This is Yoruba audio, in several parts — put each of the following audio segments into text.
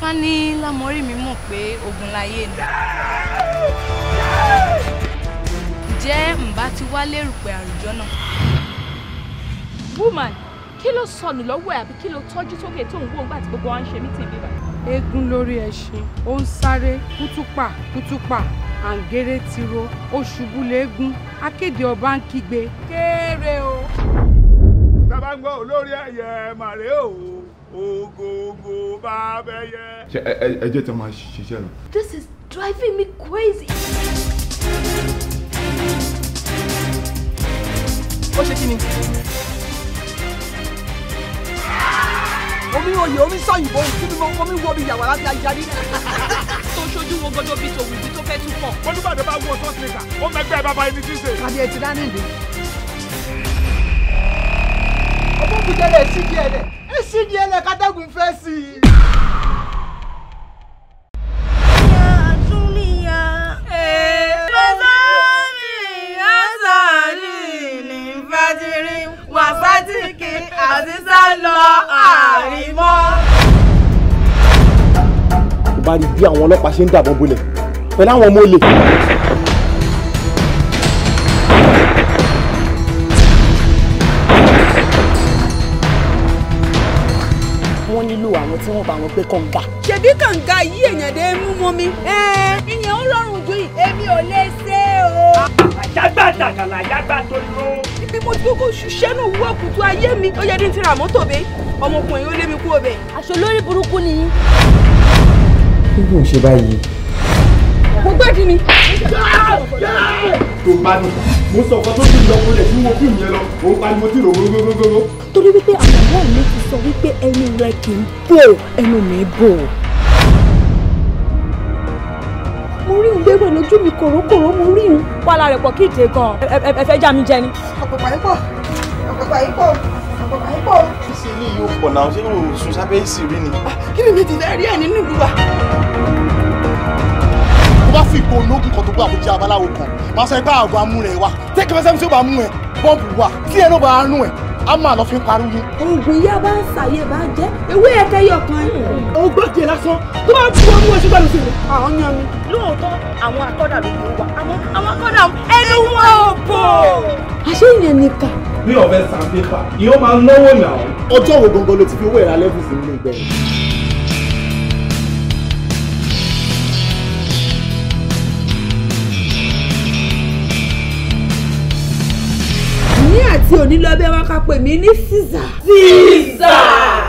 ká ní lámọ́rí mi mọ̀ pé ogun láyé ni. ǹjẹ́ ǹbá ti wá lérò pé àrùjọ náà. woman kí ló sọnù lọ́wọ́ ẹ̀ àbí kí ló tọ́jú sókè tó ń wó ńgbà tí gbogbo wa ń ṣe mítìn bíbá. eégún lórí ẹṣin ó ń sáré kútúpà kútúpà àǹgẹ̀rẹ̀ ti ro ó ṣubú akéde ọba ń kígbe. kéré o. tá ń gbọ́ olórí ẹ̀yẹ màrè o ogogo bá bẹyẹ. ṣe ẹ ẹ jẹ́ tí a máa ṣiṣẹ́ lọ. this is driving me crazy. ó ṣe kí ni. omi oyè omi sọyìnbó kí mi mọ omi wo mi yàwá láti ajarí. tó ṣojú wo gọjọ bíi tòwú bí tó fẹ́ tún pọ̀. wọ́n nígbà tó bá wọ sọ́ọ̀tì nìkan ó mẹ́gbẹ́ bàbá ẹni tí ń ṣe. kàbí ẹ ti ọmọkùnjẹ lẹ ṣí díẹ̀ lẹ ẹ ṣí díẹ̀ lẹ kátàgùn fẹ́ sí i. wàsátìkì bá rí bí àwọn ọlọ́pàá ṣe ń dàbọ̀ bolẹ̀ pẹ̀lú àwọn ọmọ olè. àwọn tí wọ́n bá wọn gbé kànga. ṣebí kànga yí èèyàn dé mú mọ́ mi. ìyẹn ó rọrùn ju èmi ò lè ṣe o. àjàgbá àtàkàlà àjàgbá tó lọ. ibi mo ti kókó ṣiṣẹ́ náà wúwo kùtù ayé mi ó yẹ kí ti ra mọ́tò bẹ́ẹ̀ ọmọkùnrin ó lé mi kú ọbẹ̀. aṣọ lórí burúkú nìyí. bí mo ṣe báyìí mo gbé kí ni. tó bá ní mo sọ ọkọ tó ti lọ mo lè fi wo fíìmù yẹn lọ òun pariwo tí rò gbogbogbogbogbò. torí wípé àbàwọ̀ mi ti sọ wípé ẹnu rẹ kì í bò ẹnu mi bò. mo rí ìwé rẹ lójú mi kòrókòró mo rí ìwé. wàhálà rẹ̀ pọ̀ kí ìdè gan ẹ fẹ́ já mi jẹ ni. ọ̀pọ̀pọ̀ yìí pọ̀ ọ̀pọ̀pọ̀ yìí pọ̀ ọ̀pọ̀pọ̀ yìí pọ̀. kí ni yóò pọ̀ náà ṣé òòsùn sábẹ́ ìsìn ni. Ah, kí ni mi ti fẹ́ rí ẹ̀ nínú ìlú wa tó bá fi ìgbó ológun kan tó gbọ́ àbújá abaláwo kan máa sọ ipá àgọ́ amú rẹ̀ wá tí ó bá mú ẹ bọ́ọ̀bù wà tí ẹ ló bá rún ẹ a máa lọ fi parí yín. oògùn ìyá bá ń ṣàyè bá jẹ ewé ẹkẹ yọ kan yín. ogbó lásán tó bá fi ọmú ẹṣin gbàdúrà sílẹ̀. àwọn yan mi. lóòótọ́ àwọn akọ́dà ló ń wà àwọn àwọn akọ́dà ẹnu wọn ò bò. àṣé ìyẹn nìkan. bí ọbẹ̀ sàn pépà yóò máa náwó nà. ọjọ́ wo gbọ̀ngàn ló ti fi owó ìrànlẹ́bù sí ilé ìgbẹ́yìn. tí onílọ́bẹ̀ wọn ká pè mí ní Caesar. Caesar.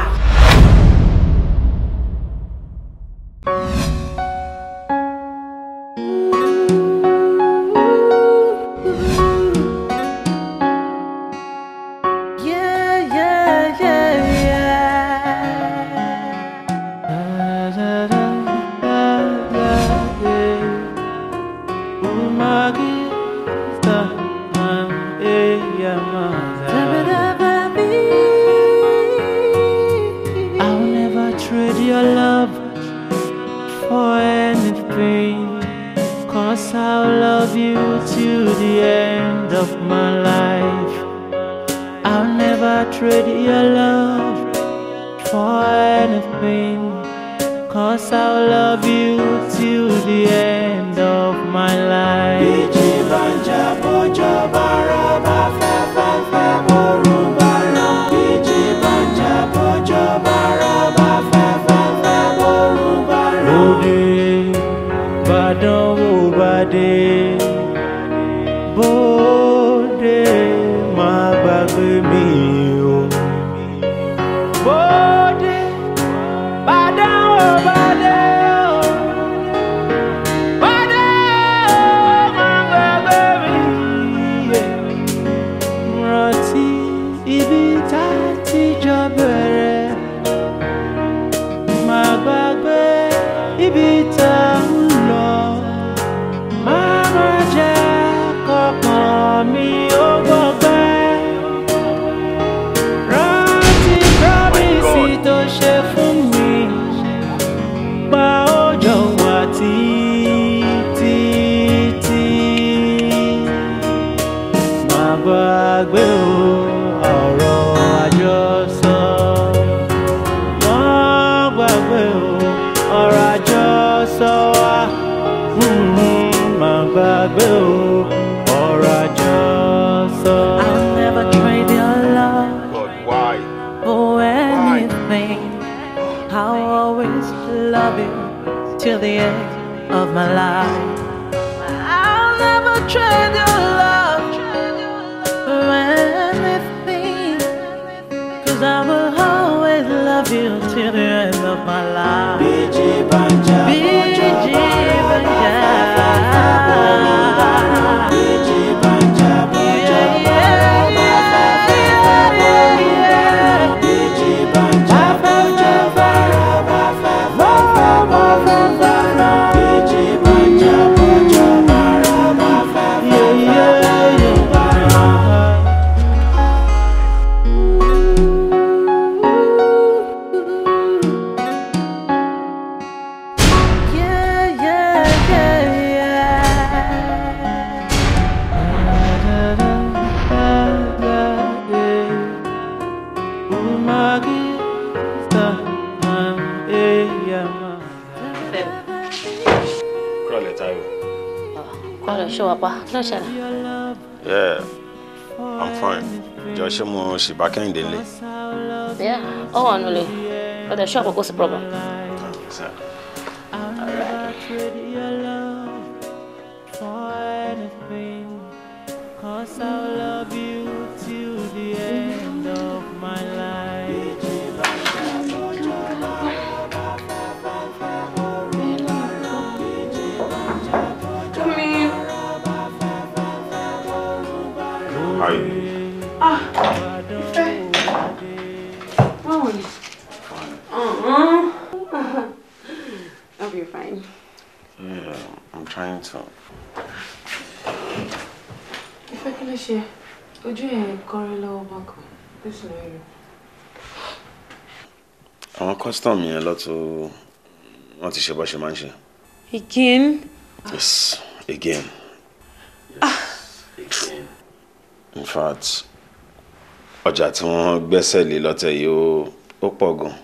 lọ ṣẹlẹ̀. yeah i'm fine jọ ṣé mo ṣì bá kẹ́hìndé lé. yeah ó wà nílé ọ̀dẹ̀ ṣọ́ọ̀pù kò sí problem. trying to. Ìfẹ́ kí ló ṣe? Ojú ẹ̀ kọ́rẹ́ lọ́wọ́ bákan. Bísí ló yọ. Àwọn custom yẹn lọ́tọ̀ wọ́n ti ṣe bó ṣe máa ń ṣe. Again? Yes, again. Ah. Yes, again. In fact, ọjà tí wọ́n gbẹ́sẹ̀ lé lọ́tẹ̀ yìí ó pọ̀ gan.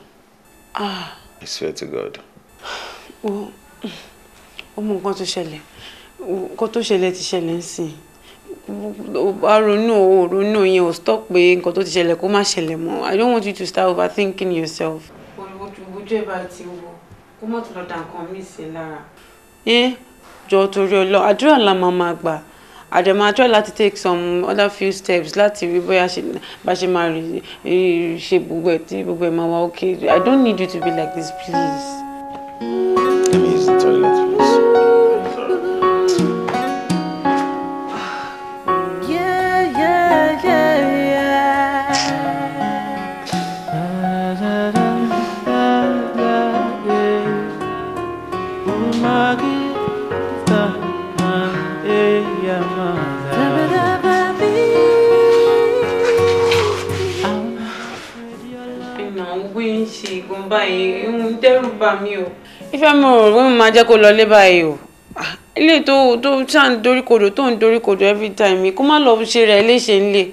Ah. I swear to God. Well, ó nǹkan tó ṣẹlẹ̀ nǹkan tó ṣẹlẹ̀ ti ṣẹlẹ̀ ń sìn bá ronú o ronú yẹn o stop pé nǹkan tó ti ṣẹlẹ̀ kó má ṣẹlẹ̀ mọ́ I don't want you to start overthinking yourself. ojú ẹ̀ bá ti wo kó mọ̀ tó lọ da nǹkan mí sí lára. ẹ jọ torí ọlọ àdúrà la máa máa gbà àdèmọ àjọ láti take some other few steps láti rí bóyá bá ṣe máa rí ṣe gbogbo ẹ tí gbogbo ẹ máa wá okay I don't need you to be like this please. Let bí ń ṣe ìgbọ̀n báyìí ń dẹ́rù bà mí o. ìfẹ́ mi ò rò máa jẹ́ kó lọ lé báyìí o ah, ilé tó tó ṣá ń doríkodò tó ń doríkodò every time kó má lọ ṣe rẹ̀ léṣe nílé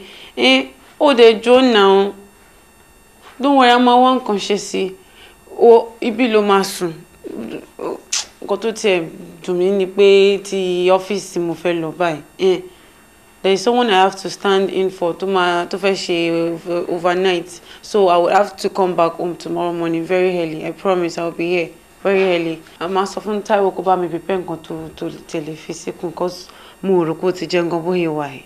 eh, ó dé jó náà don't worry a máa wá nǹkan ṣe sí ibi ló máa sùn nǹkan tó tiẹ̀ dùn mí ni pé ti ọ́fíìsì mo fẹ́ lọ báyìí. Eh, there is someone I have to stand in for to to fẹ́ overnight so I will have to come back home tomorrow morning very early I promise I will be here very early a máa sọ fún to kó bá mi prepare to to tó tẹ̀lé fi síkùn cause mo rò pé ó ti jẹ́ nǹkan bóyá wà ẹ̀.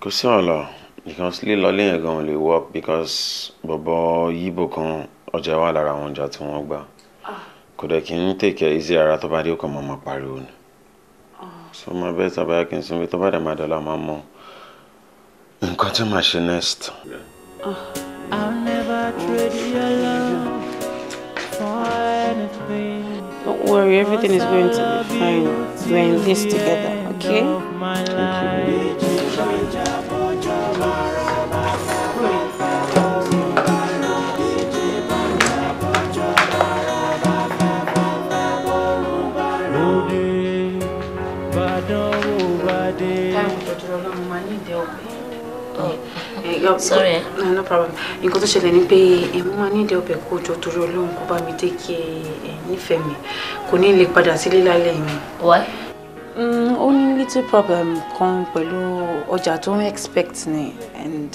kò sí ọ̀la because lílọ léyìn gan lè wọ because bọ̀bọ̀ yíbo kan ọjà wà lára àwọn ọjà tí wọ́n gbà ah. kò dẹ̀ kí easy ara tó bá dé ọkọ̀ máa ma pariwo ah. so my bẹ́ẹ̀ sábà kí n sinmi tó bá dẹ̀ máa dọ̀la máa I'm nǹkan tí màá ṣe next. Ah, I'll never trade your love for anything. Don't worry, everything is going to be fine. We're in this together, okay? Thank you. sorry ẹ. no problem nǹkan tó ṣẹlẹ̀ ni pé èmi máa ní ìdí ọbẹ̀ kó jọ torí ọlọ́run kó bá mi dé kí ẹ nífẹ̀ẹ́ mi kò ní lè padà sílé lálẹ́ mi. why. Mm, ó ní little problem kan pẹ̀lú ọjà tó ń expect ni and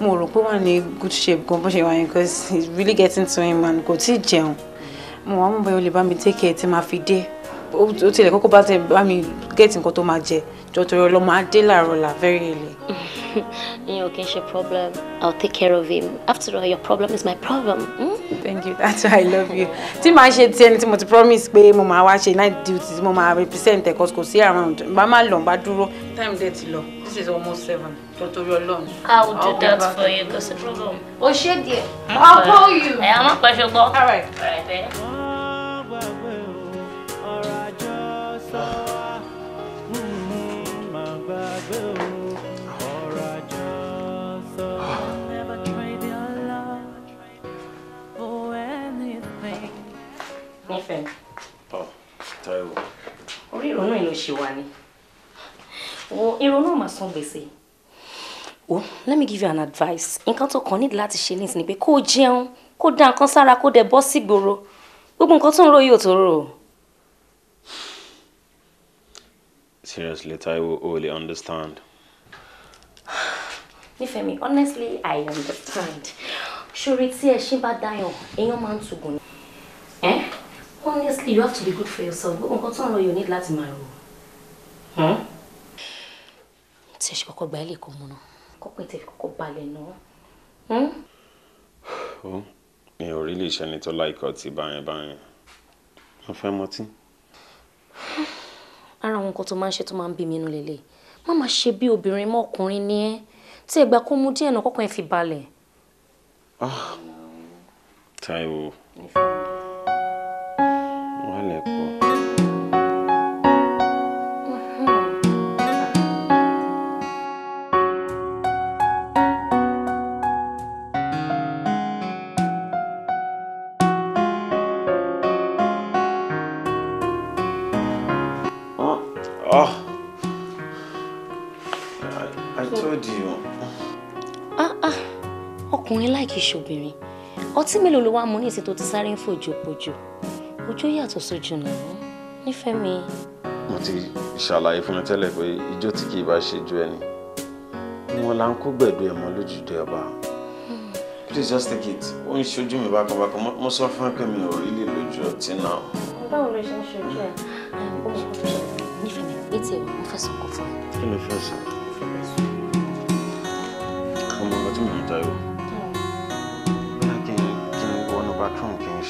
mo rò pé wà ní good shape gan bó ṣe wà yẹn because he's really getting to him and kò tí ì jẹun mo wà mọ̀ bẹ́ẹ̀ lè bá mi take care tí máa fi dé ó tilẹ̀ kókó bá bá mi get nǹkan tó máa jẹ jọ̀tọ̀rọ̀ lọ́mọ adé làárọ̀ là very early. ìyẹn ò kí n problem i'll take care of him after all your problem is my problem. Mm? thank you that's why i love you tí màá ṣe say anything. tí mo promise pé mo máa watch ṣe night duty tí mo máa represent ẹ̀ cause kò sí around Mama, long lọ bá dúró time dẹ̀ ti this is almost seven jọ̀tọ̀rọ̀ ọlọ́run. i will do I'll that for you kò sí problem. o ṣe díẹ̀. i'll call you. ẹ̀yà má pẹ́ ṣùgbọ́n. all right. all right then. fm. ọ Táíwò. orí ìrònú yìí ṣe wá ni wo ìrònú mà san gbèsè. o let me give you an advice nǹkan tó kàn nídìí láti ṣe nísìnyí pé kó o jẹun kó dá nǹkan sára kó dẹ̀ bọ́ sígboro gbogbo nǹkan tó ń ro yóò tó rò Seriously, Taiwo, Oli, understand. Nífẹ̀mí, honestly, I understand. Ṣòrí tí ẹṣin bá dáyàn, èèyàn máa ń tugun. Eh? honestly you have to be good for yourself gbogbo nǹkan tó ń need láti máa rò Huh? tí ẹ ṣe kọ́kọ́ gba ilé kò mú náà kọ́kọ́ ètò ìkọ́kọ́ balẹ̀ náà. Hmm? ó mi ò rí lè ṣẹni tó láìkọ ti báyẹn báyẹn mo fẹ́ mọtí. ara àwọn nǹkan tó máa ń ṣe tó máa ń bí mi inú lélẹ̀ má máa ṣe ni ẹ́ tí ẹ gbà mu díẹ̀ náà kọ́kọ́ ẹ fi balẹ̀. Táíwò. Ah. ọtí mélòó ló wá mu ní ìsìn tó ti sáré ń fòjò pòjò ojú yàtọ̀ sójú náà nífẹ̀ẹ́ mi. mo ti ṣàlàyé fún mi tẹ́lẹ̀ pé ijó tí kì í bá ṣe ju ẹni ni wọn là ń kó gbẹ̀du ẹ̀ mọ́ lójúde ọba hmm. please just take it ó ń ṣojú mi bákan bákan mo sọ fún ẹ pé mi ò rí lè lójú ọtí náà. báwo ló ṣe ń ṣojú ẹ nífẹ̀ẹ́ mi ètò ìwọ̀n mo fẹ́ sọ fún ẹ. kí ló fẹ́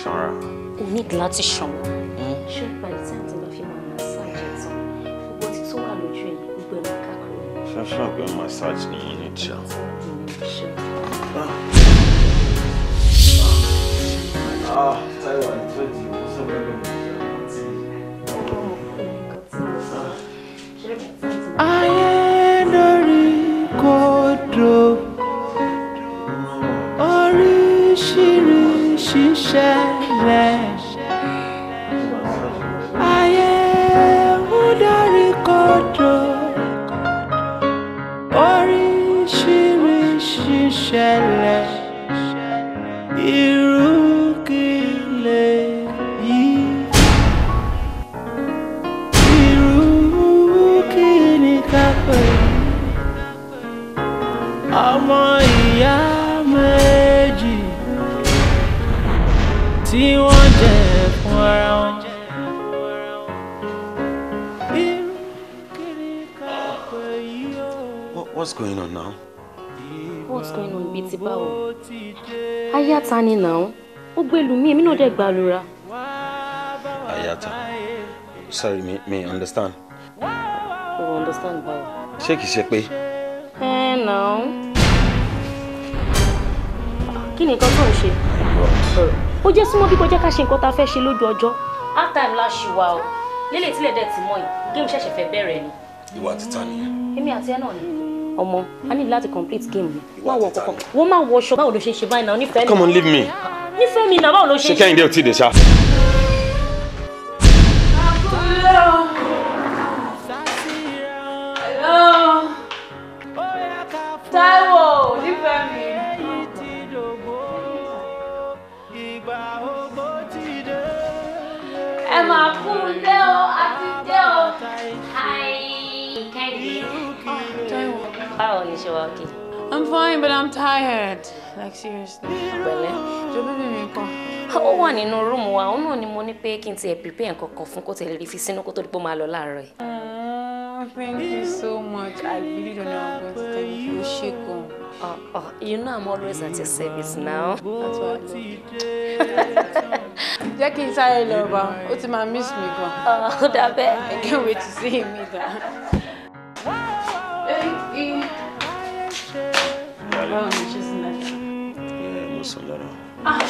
ṣanra. o need láti ṣanra. Hmm? ṣé by the time tí mo fi máa massage ẹ tán gbogbo ti tó wà lójú ẹ gbogbo ẹ máa kákúrò. ṣọ́ṣọ́ pé massage ni mo ní jà. Ah, Taiwan, 20. gbàlúra. àyàtà sorry me me understand. o understand báwo. ṣé kìí ṣe pé. ẹ nà ó. kí ni nǹkan tó ń ṣe. ó jẹ́ súnmọ́ bí kò jẹ́ ká ṣe nǹkan tá fẹ́ ṣe lójú ọjọ́. half time la ṣì wà o lélẹ̀ tílẹ̀ dẹ̀ ti mọ́ yìí géèmù ṣẹ̀ṣẹ̀ fẹ́ bẹ̀rẹ̀ ni. ìwà títa nìyẹn. èmi àti ẹ náà ni ọmọ a ní láti complete game mi. ìwà títa ni. wọ́n máa wọ ọṣọ báwo ló ṣe ṣe báyìí náà onífẹ̀ẹ́ ni. come on leave me nífẹ̀ẹ́ mi nàbà ò ló ṣe. ṣé kẹ́hìndé ò tí ì dé ṣá. Táíwò nífẹ̀ẹ́ mi. ẹ máa fún un lé o àti jẹ́ o. Báwo ni I'm fine, but I'm tired. Like seriously àlejò kan. ó wà nínú rúùmù wa òun náà ni mo ní pé kí n tiẹ̀ prepare nǹkan kan fún kó tẹ̀lé rí fi sínú kó tó di máa lọ láàárọ̀ yìí. Mm, thank you so much. I really don't know how to thank you. Sheko. Oh, oh, you know I'm always at your service now. That's what I love. Jẹ́ kí n sáré lọ bá, ó ti máa miss me gan. Uh, ó dà I can't wait to see him either. Báwo ni ṣe? And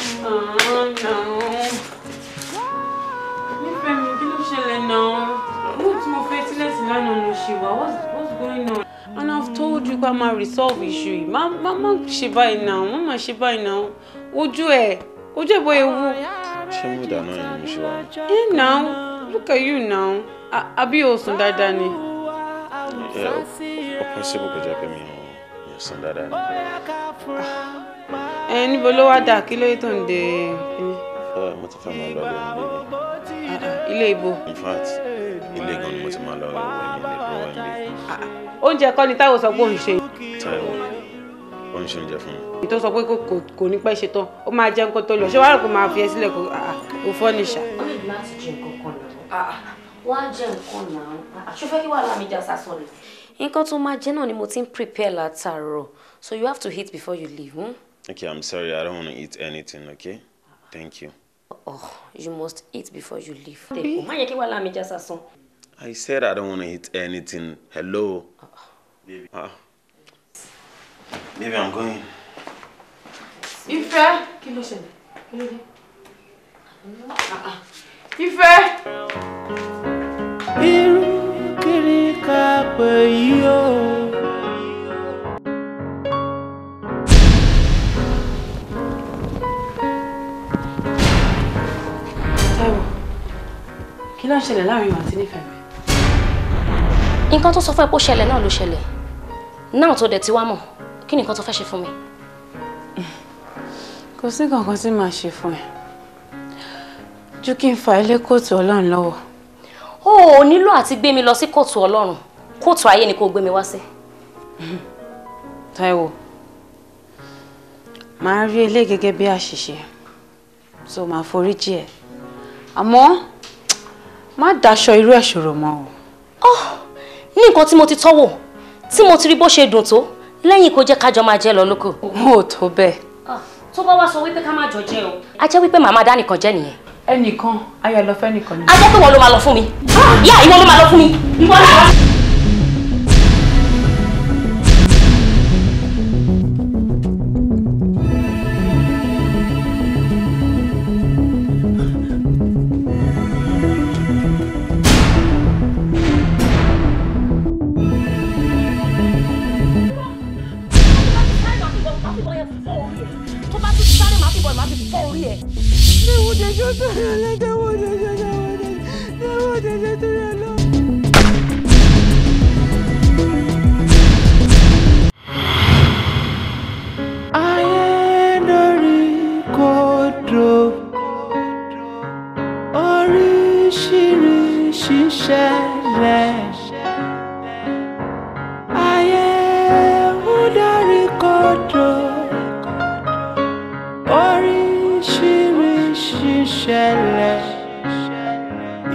I've told you pa ma resolve issue. Má má she buy now. náà, she buy now. báyìí náà. Ojú ẹ̀, ojú ẹ̀ bọ́ mo da ẹ̀ ní ṣe Eh now, look at you now. Àbí o sùn dáadáa ni? Ẹ ọ pọ́n síbò kò jẹ́ pé mi ò sùn ẹ níbo ló wá dà kí ló yẹ tó ń de kíní. mo ti fẹ́ máa lọ lórí ilé ah, ah, ilé ibo. in fact ilé gan ni mo ti máa lọ lórí ẹ̀yìn ilé bó wà nílé. Ah, oúnjẹ kọ́ ni Táíwò sọ pé òun ṣe. Táíwò ó ń ṣe oúnjẹ fún mi. èyí tó sọ pé kò ní pẹ́ ṣe tán ó máa jẹun kó tó lọ ṣé wàá rò pé máa fi ẹ sílẹ̀ kó o fọ́ ni ṣá. ó ní láti jẹ nǹkan kan náà wọ́n á jẹ nǹkan náà àṣùfẹ́ kí wàhálà mi já sásọ ni. nǹkan tó máa jẹ náà ni mo ti ń prepare látàárọ̀ so you have to eat before you leave. Hmm? Okay, I'm sorry. I don't want to eat anything, okay? Thank you. Oh, you must eat before you leave. I said I don't want to eat anything. Hello? Baby. Uh, baby, I'm going. Ife! Kí ló ṣẹlẹ̀? Kí ló dé? Ah, ah. Ife! Irú kiri ká pè kí ló ń ṣẹlẹ̀ láàrin ìwà àti nífẹ̀ẹ́ rẹ̀. nǹkan tó sọ fún ẹ pé ó ṣẹlẹ̀ náà ló ṣẹlẹ̀ náà tó dẹ̀ ti wá mọ̀ kí ni nǹkan tó fẹ́ ṣe fún mi. kò sí kankan tí màá ṣe fún ẹ ju kí n fa ilé kóòtù ọlọ́run lọ́wọ́. o ò nílò àti gbé mi lọ sí kóòtù ọlọ́run kóòtù ayé ni kò gbé mi wá sí. Táíwò màá rí eléyìí gẹ́gẹ́ bí àṣìṣe so màá foríjì ẹ àmọ́ má daṣọ irú ẹ̀ ṣòro mọ́ o. oh ní nǹkan tí mo ti tọ́wò tí mo ti rí bó ṣe dùn tó lẹ́yìn kó jẹ́ kájọ máa jẹ lọ lóko. ó tó bẹ́ẹ̀. Ah, tó bá wá sọ wípé ká má jọ jẹ o. a jẹ́ wípé màmá dánìkan jẹ́ nìyẹn. ẹnìkan ayọ̀ lọ fẹ́ nìkan ni. a jẹ́ pé wọ́n ló máa lọ fún mi. Ah! yá ìwọ ló máa lọ fún mi. ìwọ ló máa lọ fún mi.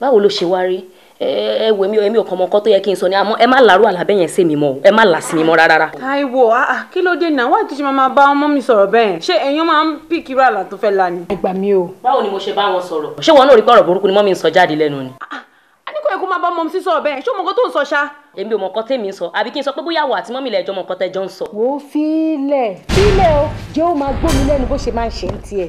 báwo ló ṣe wá rí ẹ wò mí èmi ò kàn mọ nǹkan tó yẹ kí n sọ ni àmọ́ ẹ má làárọ̀ àlàbẹ̀ yẹn sí mi mọ́ ẹ má là sí mi mọ́ rárá. Táíwò kí ló dé náà wáyé tó ṣe máa bá ọmọ mi sọ̀rọ̀ bẹ́ẹ̀ ṣé ẹ̀yin máa ń pì kí ràlà tó fẹ́ la ni. ẹ gbà mí o. báwo ni mo ṣe bá wọn sọ̀rọ̀ ṣé wọn náà rí pé ọ̀rọ̀ burúkú ni mọ́ mi ń sọ jáde lẹ́nu ni. a ní kò yẹ kó máa bá ọmọ mi sí sọ̀rọ̀ bẹ́ẹ̀ ṣé o mọ nǹkan tó ń sọ ṣá. èmi ò mọ nǹkan tèmi ń sọ àbí kí n sọ pé bóyá wà àti mọ́mì lẹ́jọ́ mọ nǹkan tẹ́jọ́ ń sọ. wò ó fílẹ̀ fílẹ̀ o jẹ́ ó máa gbómi lẹ́nu bó ṣe máa ń ṣe ń tiẹ̀.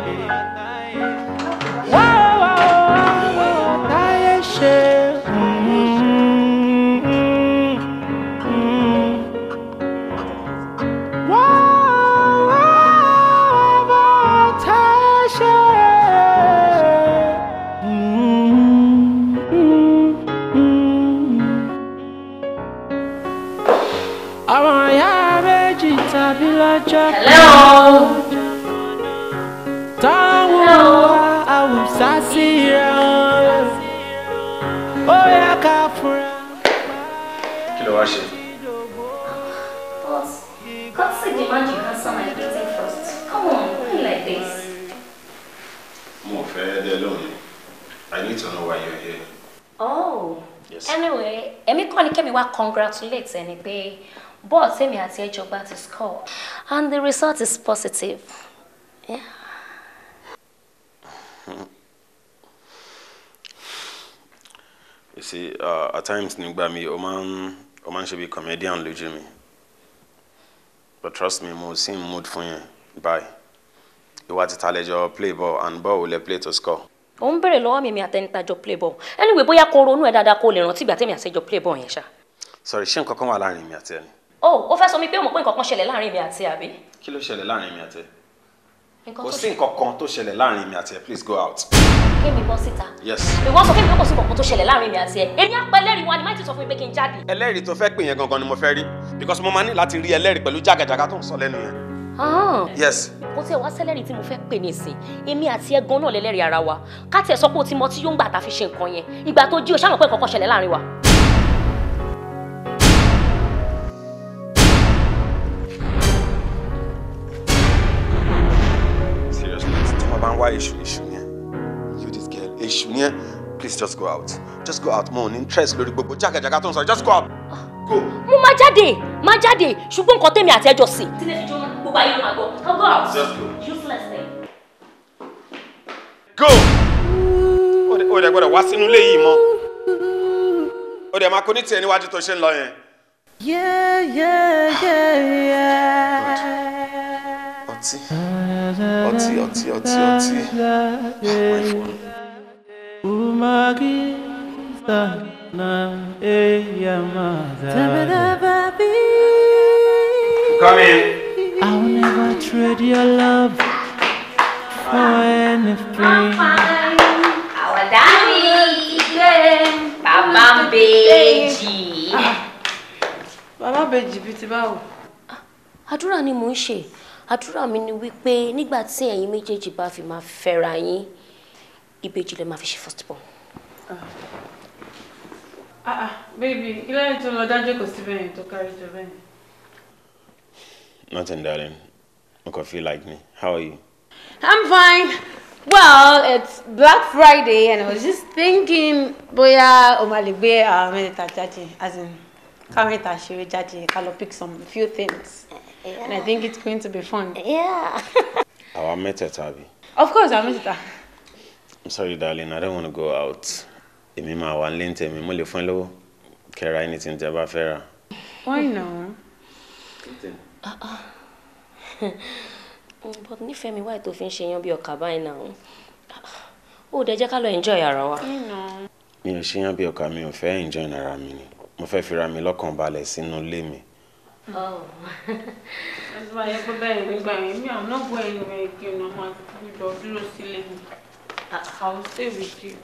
Hello. Hello. Kí ló wá ṣe? Boss, God said the man you cancel my meeting first. Come on, why like this? Mo fẹ́ dé lónìí. I need to know why you're here. Oh. Yes. Anyway, èmi kàn ní kẹ́mi wá congratulate ẹni pé But bọ́ọ̀ tèmi àti ẹjọ́ gba ti score and the result is positive. Yeah. you see uh, at times nígbà mi Oman máa ń o máa ń ṣe bí comedian lójú but trust me mo sì ń mood fún You bye to ti your play ball and ball will play to score. ò ń béèrè lọ́wọ́ mi mi àtẹnitajọ play ball anyway boy I call ẹ̀ dáadáa kó lè rántí ìgbà tẹ̀mí àtẹjọ play ball yẹn ṣá. sorry ṣé nǹkan kan wà láàrin mi àti ẹni oh ó fẹ́ sọ mi pé o mọ̀ pé nǹkan kan ṣẹlẹ̀ láàrin mi àti àbí. kí ló ṣẹlẹ̀ láàrin mi àti ẹ kò sí nǹkan kan tó ṣẹlẹ̀ láàrin mi àti ẹ please go out. kémi bọ́ síta. yes. ìwọ sọ kémi kò sí nǹkan tó ṣẹlẹ̀ láàrin mi àti ẹ èmi àpẹ ẹlẹ́rìí wọn ni máìtì sọ fún mi pé kí n jáde. ẹlẹ́rìí tó fẹ́ pè yẹn gangan ni mo fẹ́ rí because mo máa ní láti rí ẹlẹ́rìí pẹ̀lú jàgàjàgà tó ń sọ lẹ́nu yẹn. Ah. yes. kò tí ẹ wá sẹ́lẹ̀rì tí mo fẹ́ pè ní ìsìn èmi àti ẹ gan náà lẹ́lẹ́rìí ara wa ká tiẹ̀ sọ pé o ti mọ tí yóò ń gbà tá a fi ṣe nǹkan yẹn ìgbà tó jí o ṣàlọ́ pé nǹkan kan ṣẹlẹ̀ láàrin wa. èṣù èṣù yẹn you this girl èṣù please just go out just go out mo ní interest lórí gbogbo jágàjàgà tó ń sọ just go out go. mo máa jáde máa jáde ṣùgbọ́n nǹkan tèmi àti ẹjọ́ sí. sílẹ̀ fi jọmọ gbogbo ayé ló máa gbọ́ I'll go out just go useless thing. go ó dẹ̀ gbọ́dọ̀ wá sínú ilé yìí mọ́ ó dẹ̀ máa kó ní tiẹ̀ níwájú tó ṣe ń lọ yẹn. yeah yeah yeah yeah ọtí ọtí ọtí ọtí ọtí àwọn ẹ̀fọn. umagiza Come in. never trade your love for anything. Our daddy. Baba Beji. Baba Beji bí ti báwo. Àdúrà ni mò ń àdúrà mi ni wípé nígbà tí ẹ̀yin méjèèjì bá fi máa fẹ́ra yín ìbejì lè máa fi ṣe first born. ah, ah baby ilé ẹni tó lọ dájú kò sí bẹ́ẹ̀ tó kárí jọ bẹ́ẹ̀. nothing darling make i feel like me how are you. i'm fine well it's black friday and i was just thinking bóyá o máa lè gbé àwọn mẹ́ta as in ká mẹ́ta ṣeré jáde ká lọ pick some few things. Yeah. And I think it's going to be fun. Yeah. Our method, Abby. Of course, our method. I'm sorry, darling. I don't want to go out. Èmi máa wà nílé ntẹ̀ mi, mo lè fún ẹ lówó. Kẹ́ra anything tẹ́ bá fẹ́ Why no? Uh-uh. Mm, but nífẹ̀ẹ́ mi, why tó fi ń ṣe yan bí ọkà báyìí náà? Uh-uh. Ó dẹ̀ jẹ́ ká lọ enjoy ara wa. Mi ò ṣe yan bí ọkà mi, ò fẹ́ enjoy ara mi ni. Mo fẹ́ fira mi lọ́kàn balẹ̀ sínú ilé mi. Oh. That's why I go back and go Me, I'm not going anywhere again. No matter what, you silly. I'll stay with you.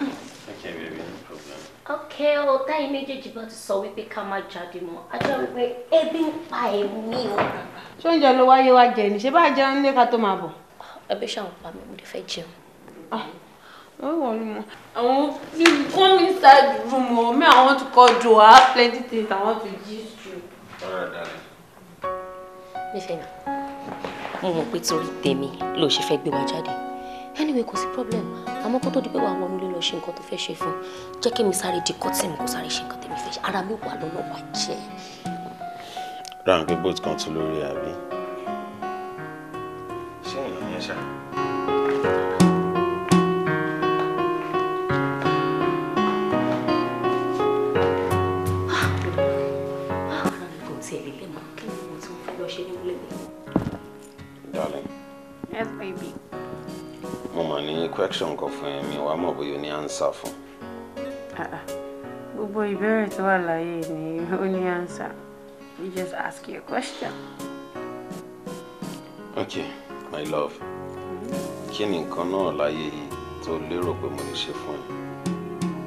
okay, baby, no problem. Okay, o ta imejeji bá ti sọ wípé ká má jáde mọ́. A jẹ́ wípé ebi ń pa èmi o. Ṣé oúnjẹ ló wáyé wá jẹ ni? Ṣé bá jẹun nílé ká tó máa bọ̀? Ẹbí ṣàwọn pa mi, mo Oh, oh, you come inside the room, oh, me, I want to call Joe. I plenty things I want to gist nífẹ̀ẹ́ náà mo mọ̀ pé torí tèmi ló ṣe fẹ́ gbé wa jáde anyway kò sí problem àmọ́ kó tó di pé wàá wọnú ilé lọ ṣe nǹkan tó fẹ́ ṣe fún jẹ́ kí mi sáré di kọ́tìmù kó sáré ṣe nǹkan tèmi fẹ́ ṣe ara mi wà lọ́nà wà jẹ́. ráhùn pé bóòtù kan tún lórí àbí ṣé èèyàn ṣáà. darling. Yes, baby. Mo mà ní question kan fún ẹ mi wàá mọ̀ bóyá o uh. answer fún. Ah, gbogbo ìbéèrè tó wà láyé ni ó ní answer. You just ask your question. Okay, my love. Kí ni nǹkan náà láyé yìí tó lérò pé mo lè ṣe fún ẹ?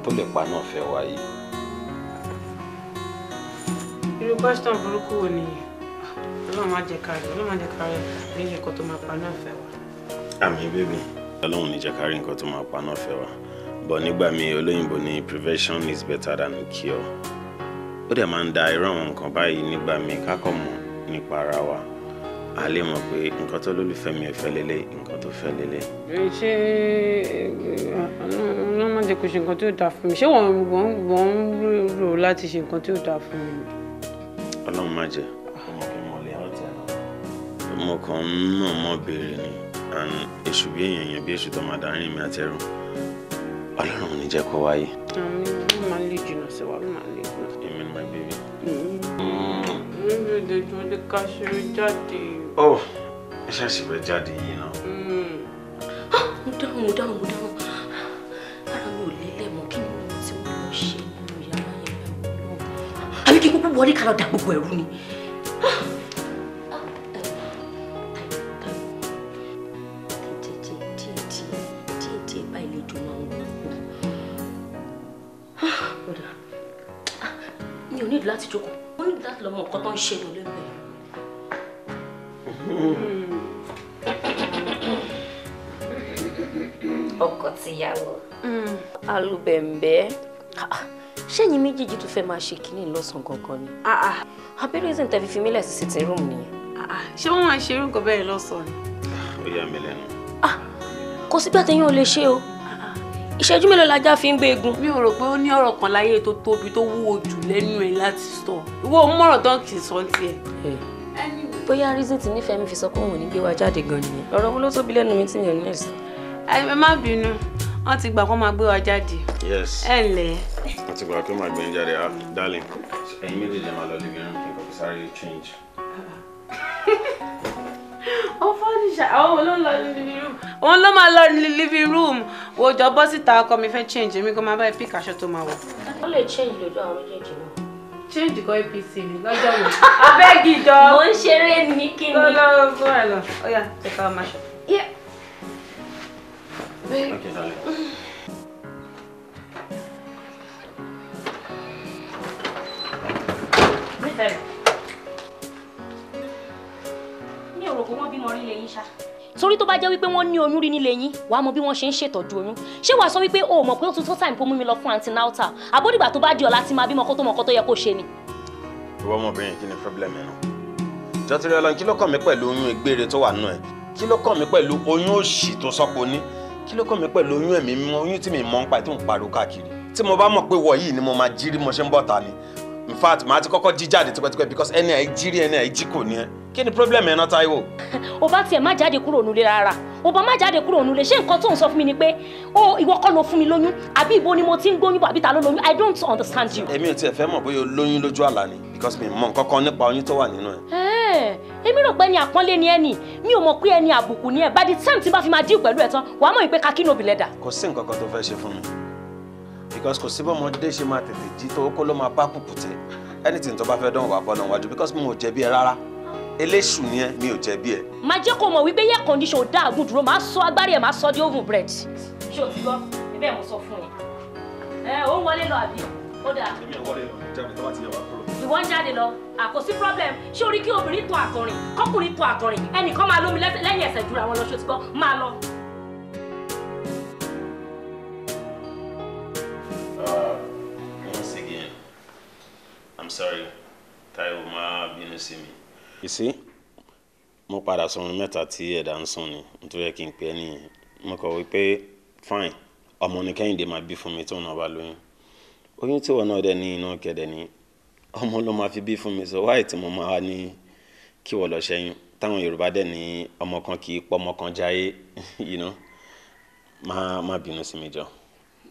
Tó lè pa náà fẹ́ wáyé. Irú question burúkú wo ọlọ́run má jẹ́ kárí ọlọ́run má jẹ́ kárí ní nǹkan tó máa pa náà fẹ́ wa. àmì bèbè ọlọ́run ní jẹ́ prevention is better than cure ó dẹ̀ máa ń da irú àwọn nǹkan báyìí nígbà míì kákọ̀ mọ̀ nípa ara wa a lè mọ̀ pé nǹkan tó lólùfẹ́ mi ò fẹ́ lélẹ̀ to tó fẹ́ lélẹ̀. ṣé ọlọ́run má jẹ́ kó ṣe nǹkan tí ó mi ṣé wọ́n ń rò láti ṣe nǹkan tí ó dáa fún mi. ọlọ́run má jẹ́ mo kàn ń mọ̀ mọ́ béèrè ni èṣù bí èèyàn èèyàn bí èṣù tó máa darí mi àti ẹrù ọlọ́run ní jẹ́ kó wáyé. àmì ló máa ń lè jìnnà sí wa ló máa ń lè jìnnà. èmi ni my baby. lórílẹ̀-èdè tó lè ká ṣeré jáde. ó oh, ẹ ṣàṣìwẹ̀ jáde yìí náà. Ah, mo dáhùn mo dáhùn mo dáhùn ara mi ò lélẹ̀ mọ́ kí ni mo ti wọ́n ṣe nínú yẹn lọ́wọ́ àbí kí gbogbo wọlé ká dà gbogbo ẹ̀rú ni. àwọn nǹkan tó ń ṣe lò lóko ẹ̀. ọkọ tìyàwó alùbẹ̀m̀bẹ̀ ṣẹ́yìn méjèèjì tó fẹ́ máa ṣe kínní lọ́sàn-án gangan ni abẹ́rẹ́ ìsìn tẹ́ fi fi mílẹ̀ sí sitting room nìyẹn. ṣé wọ́n máa ṣe irú nǹkan bẹ́ẹ̀ lọ́sàn-án ni. ó yà mí lẹ́nu. kò sígbà téèyàn ò lè ṣe o ìṣẹ́jú mélòó lajá fi ń gbé egun. mi ò rò pé ó ní ọ̀rọ̀ kan láyé tó tóbi tó wúwo jù lẹ́nu ẹ̀ láti sọ ìwọ ò mọ̀rọ̀ tán kì í sọ tiẹ̀. bóyá reason tí nífẹ̀ẹ́ mi fi sọ pé òun ò ní gbé wa jáde gan nìyẹn ọ̀rọ̀ wo ló tóbi lẹ́nu mi tí mi ò ní ẹ̀sán. ẹ má bínú wọn ti gbà kó máa gbé wa jáde. yes ẹ ǹlẹ́. wọn ti gbà kó máa gbé yín jáde ah darling ẹyin méjèèjì máa lọ lè gbẹrun kí n kò sáré change. ó fọ́nìṣà àwọn ló ń lọ ní living room. òun ló máa living room wo jọ bọ́ síta ọkọ mi fẹ́ change èmi kò máa bá ẹ pick aṣọ tó máa wọ̀. ó lè change lójú àwọn méjèèjì náà. change kọ apc ni lọ́jọ́ wo abẹ́gi jọ. mo ń ṣeré ní kíni. lọ lọ fún ẹ lọ ó yá tẹ̀ka ọmọ aṣọ. Okay, darling. Hey. mi ò rò pé wọ́n bímọ rí lẹ́yìn ṣá. torí tó bá jẹ́ wípé wọ́n ní oyún rí nílé yín wàá mọ bí wọ́n ṣe ń ṣètọ́jú oyún ṣé wàá sọ wípé o mọ̀ pé ó tún tó time kó mú mi lọ fún antenatal àbódìgbà tó bá di ọ̀la tí máa bímọ kó tó mọ kó tó yẹ kó ṣe ni. ìwọ ọmọbìnrin kí ni problem ẹ náà jọtìrì Ọlọ́run kí ló kàn mí pẹ̀lú oyún egbére tó wà nù ẹ kí ló kàn mí pẹ̀lú oyún òṣì tó sọpọ ní kí ló kàn mí pẹ̀lú oyún ẹ̀mí mímọ́ oyún tí mi mọ̀ ń pa tó ń pariwo káàkiri tí mo bá mọ̀ pé wọ yìí ni mo máa jírí mo ṣe ń bọ̀ ta ni in fact màá ti kọ́kọ́ jí jáde tipẹ́tipẹ́ because ẹni àìjírí ẹni àìjí kò ní ẹ kí ni problem ẹ̀ náà Táíwò. o bá tiẹ̀ má jáde kúrò nílé rárá o bá má jáde kúrò nílé ṣé nǹkan tó ń sọ fún mi ni pé o ìwọ kọ́ ló fún mi lóyún àbí ibo ni mo ti ń gbóyún bọ̀ àbí ta ló lóyún i don't understand you. èmi ò tiẹ̀ fẹ́ mọ̀ bóyá o lóyún lójú àlá ni because mi mọ nǹkan kan nípa oyún tó wà nínú ẹ. èmi rò pé ẹni àpọ́nlé ni ẹni mi ò mọ̀ pé ẹni àbùkù ni ẹ by the time tí bá fi máa díù pẹ̀lú ẹ̀ tán wàá mọ̀ pé kakí nòbí lẹ́dà. kò sí nǹkan kan tó fẹ́ ṣe fún mi because kò sí bọ́mọdé ṣe máa tètè jí tó kó ló máa bá kùkùté anything tó bá fẹ́ dán wà bọ́ lọ́wọ́ wájú because mo ò jẹ̀bi ẹ rárá eléṣù ni ẹ mi ò jẹ̀bi ẹ. máa jẹ́ kó mọ̀ wípé air condition dá àgùn dúró máa sọ agbárí ẹ̀ máa sọ di oven bread. ṣé o ti gbọ́ ẹbẹ̀ mo sọ fún ẹ ẹ ò ń wọlé lọ àbí ó dáa. èmi ò wọlé lọ jáde tó bá ti yẹ wá kúrò. ìwọ ń jáde lọ àkòsí problem ṣé o rí kí obìnrin tó àkọrin kọkùnrin tó àkọrin ẹnìkan máa lómi lẹ́yìn ẹsẹ̀ jura wọn lọ ṣó ti gbọ́ máa lọ. Ah, Once again, I'm sorry, Taiwo máa bínú sí mi. You see? mo padà sọ mẹ́ta tí ẹ̀dá ń sùn ni nítorí ẹ kí n pè nìyẹn mo kọ̀ wípé fine ọmọ ni kẹ́hìndé máa bí fún mi tóun náà bá lóyún oyún tí wọn náà dẹ̀ ní iná kẹ̀dẹ̀ ni ọmọ ló máa fi bí fún mi sọ wáyé tí mo máa ní kí wọ́n lọ ṣẹ́yún táwọn yorùbá dẹ̀ ní ọmọ kan kì í pọ́ ọmọ kan jáyé you know má má bínú sí mi jọ.